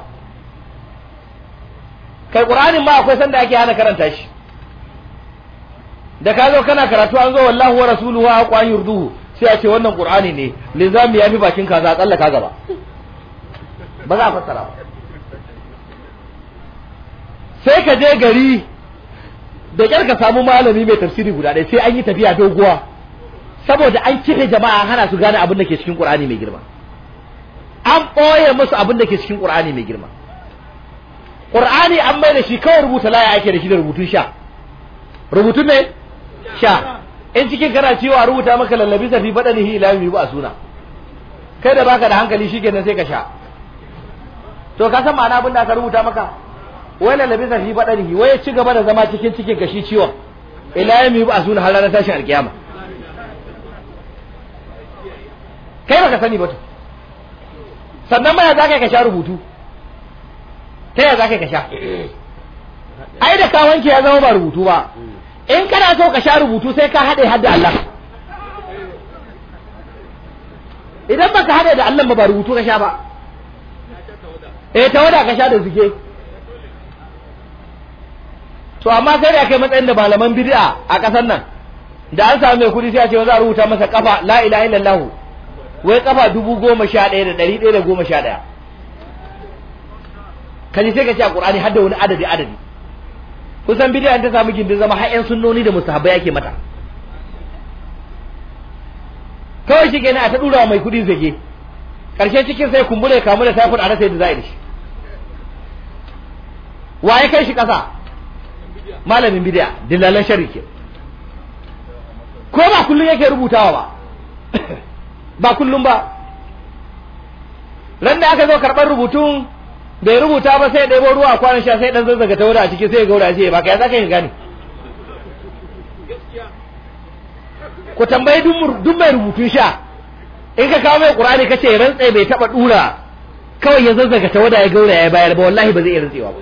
kai ƙur'anin ma akwai sanda ake hana karanta shi da ka zo kana karatu an zo wallahu wa rasuluhu wa aqwa yurduhu sai a ce wannan qur'ani ne linzami fi bakin kaza a tsallaka gaba ba za a fassara ba sai ka je gari da kyar ka samu malami mai tafsiri guda ɗaya sai an yi tafiya doguwa saboda an kife jama'a hana su gane abin da ke cikin Qur'ani mai girma an ɓoye musu abin da ke cikin Qur'ani mai girma Qur'ani an mai da shi kawai rubuta laya ake da shi da rubutun sha rubutun ne sha in cikin kana cewa rubuta maka lallabi zafi badani ila yumi ba suna kai da baka da hankali kenan sai ka sha to ka san ma'ana abin da aka rubuta maka wai lallabi zafi badani wai ci gaba da zama cikin cikin gashi ciwon ila yumi ba suna har ranar tashin alkiyama kai baka sani ba to sannan ma ya za ka sha rubutu ta ya za ka sha ai da ka wanke ya zama ba rubutu ba in kana so ka sha rubutu sai ka haɗe hadda Allah idan baka haɗe da Allah ba ba rubutu ka sha ba eh ta wada ka sha da zike to amma sai da kai matsayin da malaman bid'a a kasar nan da an samu mai kudi sai a ce za a rubuta masa kafa la ilaha illallah wai kafa dubu goma sha ɗaya da ɗari ɗaya da goma sha ɗaya kaji sai ka ce a ƙur'ani har da wani adadi adadi kusan bidiyan ta samu gindin zama har ƴan sunnoni da musahabai ake mata kawai shi kenan a ta ɗura mai kuɗi zage ƙarshe cikin sai kumbura ya kamu da typhoid a rasa yadda za a yi shi wa kai shi ƙasa malamin bidiya dillalan ke ko ba kullum yake rubutawa ba ba kullum ba ran da aka zo karɓar rubutun bai rubuta ba sai ɗebo ruwa a kwanan sha sai ɗan zazzaga ta wuri a ciki sai gaura ce ba ka ya za ka yi gani ku tambayi duk mai rubutun sha in ka kawo mai ƙurani ka ce rantsai bai taɓa ɗura kawai ya zazzaga ta wuda ya gaura ya bayar ba wallahi ba zai iya rantsewa ba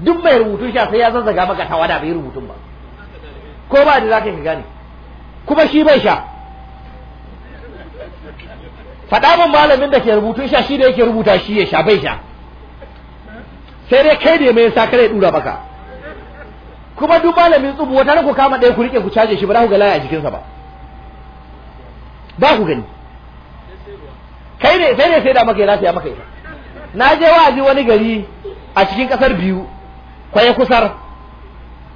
duk mai rubutun sha sai ya zazzaga maka tawada bai rubutun ba ko ba da za ka yi gane kuma shi bai sha faɗa min malamin da ke rubutu sha shi da yake rubuta shi ya sha bai sha sai dai kai ne mai sa kare dura baka kuma duk malamin tsubu wata ku kama ɗaya ku rike ku caje shi ba za ku ga laya a jikinsa ba ba ku gani kai ne sai ne sai da maka ya lafiya maka ita na je aji wani gari a cikin kasar biyu kwaye kusar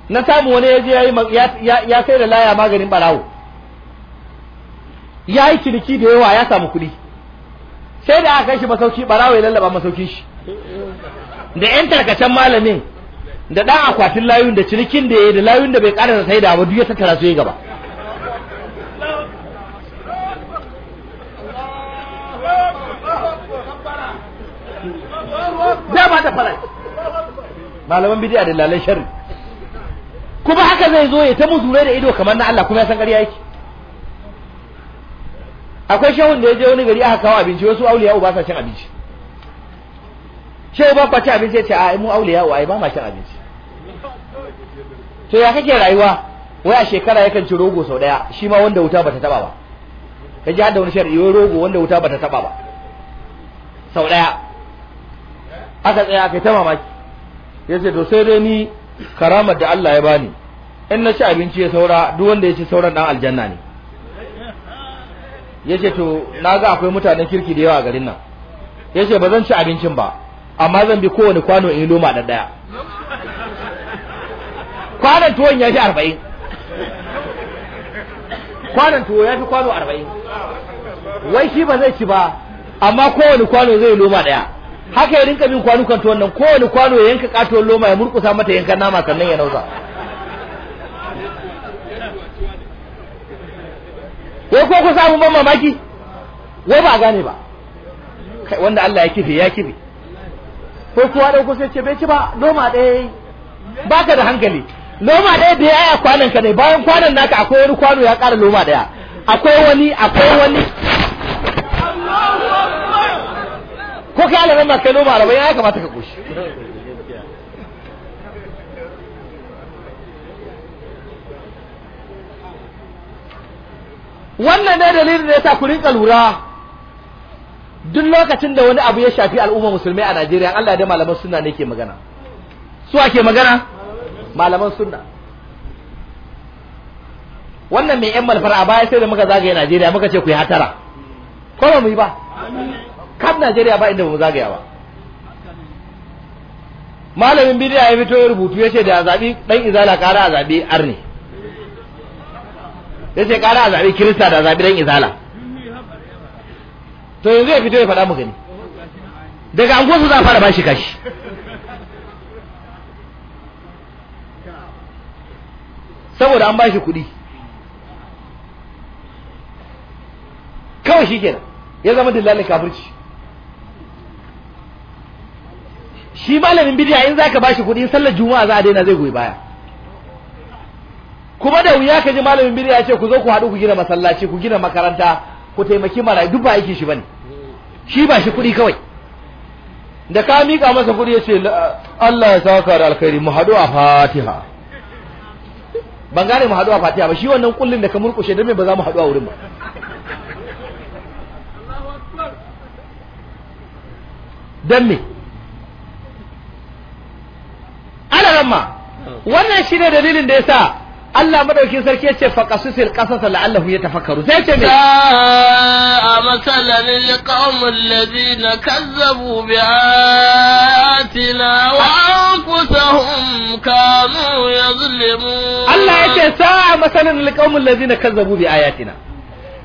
na samu wani ya je ya sai da laya maganin barawo ya yi ciniki da yawa ya samu kuɗi sai da aka kai shi masauki barawo ya lallaba masaukin shi da yan tarkacen malamin da dan akwatin layun da cinikin da yayi da layun da bai karasa sai da ba duk ya tattara su yi gaba malaman bidiya da lalai sharri kuma haka zai zo ya ta zure da ido kamar na Allah kuma ya san ƙarya yake akwai shehun da ya je wani gari aka kawo abinci wasu auliya ba sa cin abinci shehu ba kwa cin abinci ya ce a mu auliya ai ba ma cin abinci to ya kake rayuwa wai a shekara yakan ci rogo sau daya shi ma wanda wuta bata taba ba ka ji hada wani shehu yi rogo wanda wuta bata taba ba sau daya aka tsaya aka ta mamaki ya ce to sai dai ni karamar da Allah ya bani in na ci abinci ya saura duk wanda ya ci sauran dan aljanna ne yace to naga akwai mutanen kirki da yawa a garin nan yace ba zan ci abincin ba amma zan bi kowane kwano in yi loma da daya kwanan tuwon ya fi arba'in kwanan tuwo ya fi kwano arba'in wai shi ba zai ci ba amma kowane kwano zai loma daya haka ya rinka bin kwanukan tuwon nan kowane kwano ya yanka katuwar loma ya murkusa mata yankan nama sannan ya nausa wai ko ku samu ban mamaki wai ba gane ba kai wanda Allah ya kife ya kife ko kuwa da ku sai ce bai ci ba noma ɗaya baka da hankali noma ɗaya da yaya kwanan ka ne bayan kwanan naka akwai wani kwano ya ƙara noma ɗaya akwai wani akwai wani ko kai alaran ma kai noma alaban ya kamata ka koshi wannan ne dalilin da ya sa ku rinka lura duk lokacin da wani abu ya shafi al'umma musulmai a Najeriya Allah da malaman sunna ne ke magana su ake magana malaman sunna wannan mai yan malfar a baya sai da muka zagaye Najeriya muka ce ku yi hatara ko ba mu yi ba kan Najeriya ba inda mu zagaya ba malamin bidiya ya fito ya rubutu ya ce da zabi ɗan izala ƙara a arni ya ce kara a zaɓi kirista da zaɓi don izala to yanzu ya fito ya faɗa muka ne daga an gosu za a fara bashi kashi saboda an bashi kuɗi kawai shi kenan ya zama dillalin kafirci shi malamin bidiya in ka bashi kuɗi sallar juma'a za a daina zai goyi baya kuma da wuya ka ji malamin birni ya ce ku zo ku haɗu ku gina masallaci ku gina makaranta ku taimaki marayu duk ba aikin shi bane shi ba shi kuɗi kawai da ka miƙa masa kuɗi ya ce Allah ya saka da alkhairi mu haɗu a Fatiha ban gane mu haɗu a Fatiha ba shi wannan kullun da ka murƙushe dan me ba za mu haɗu a wurin ba dan me alaramma wannan shi ne dalilin da ya sa. Allah madaukin sarki ya ce yace faqasusil qasasa la'allahu yatafakkaru sai ce me a masalan lil qaumil ladina kazzabu bi ayatina wa anfusahum kanu yazlimun Allah ya ce yace sa'a masalan lil qaumil ladina kazzabu bi ayatina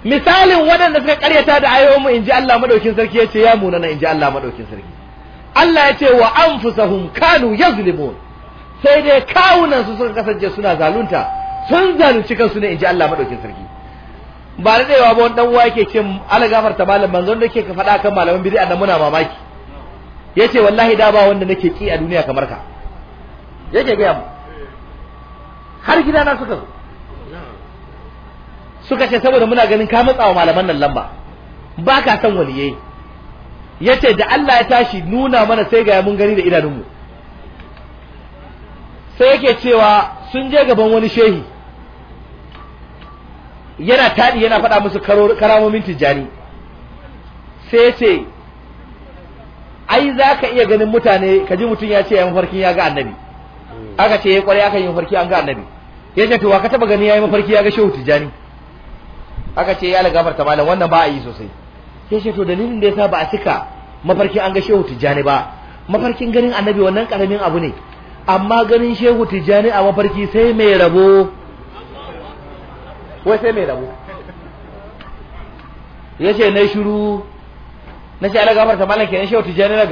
misalin waɗanda suka karyata da ayoyinmu inji Allah madaukin sarki ya ce ya munana inji Allah madaukin sarki Allah ya ce wa anfusahum kanu yazlimun sai dai kawunan su suka kasance suna zalunta sun zalunci kansu ne ji Allah madaukin sarki ba da daewa ba wani dan uwa yake ce ala ta malam banzo da yake ka faɗa kan malaman biri da muna mamaki yace wallahi da ba wanda nake ki a duniya kamar ka yake ga mu har gidana suka zo suka ce saboda muna ganin ka matsawa malaman nan lamba ba ka san waliye ya ce da Allah ya tashi nuna mana sai ga mun gani da idanunmu sai yake cewa sun je gaban wani shehi yana taɗi yana faɗa musu karamomin tijjani sai ce ai za ka iya ganin mutane ka ji mutum ya ce ya mafarkin ya ga annabi aka ce ya eh, kwarai aka yi mafarki an ga annabi ya ce to wa ka taba gani ya yi mafarki ya ga shehu tijjani aka ce ya lagafar malam wannan ba a yi sosai ya ce to dalilin da ya sa ba a cika mafarki an ga shehu tijjani ba mafarkin ganin annabi wannan karamin abu ne amma ganin shehu tijjani a mafarki sai mai rabo wai sai mai rabo ya ce na shiru na shi ala gafarta malam kenan shehu tijjani na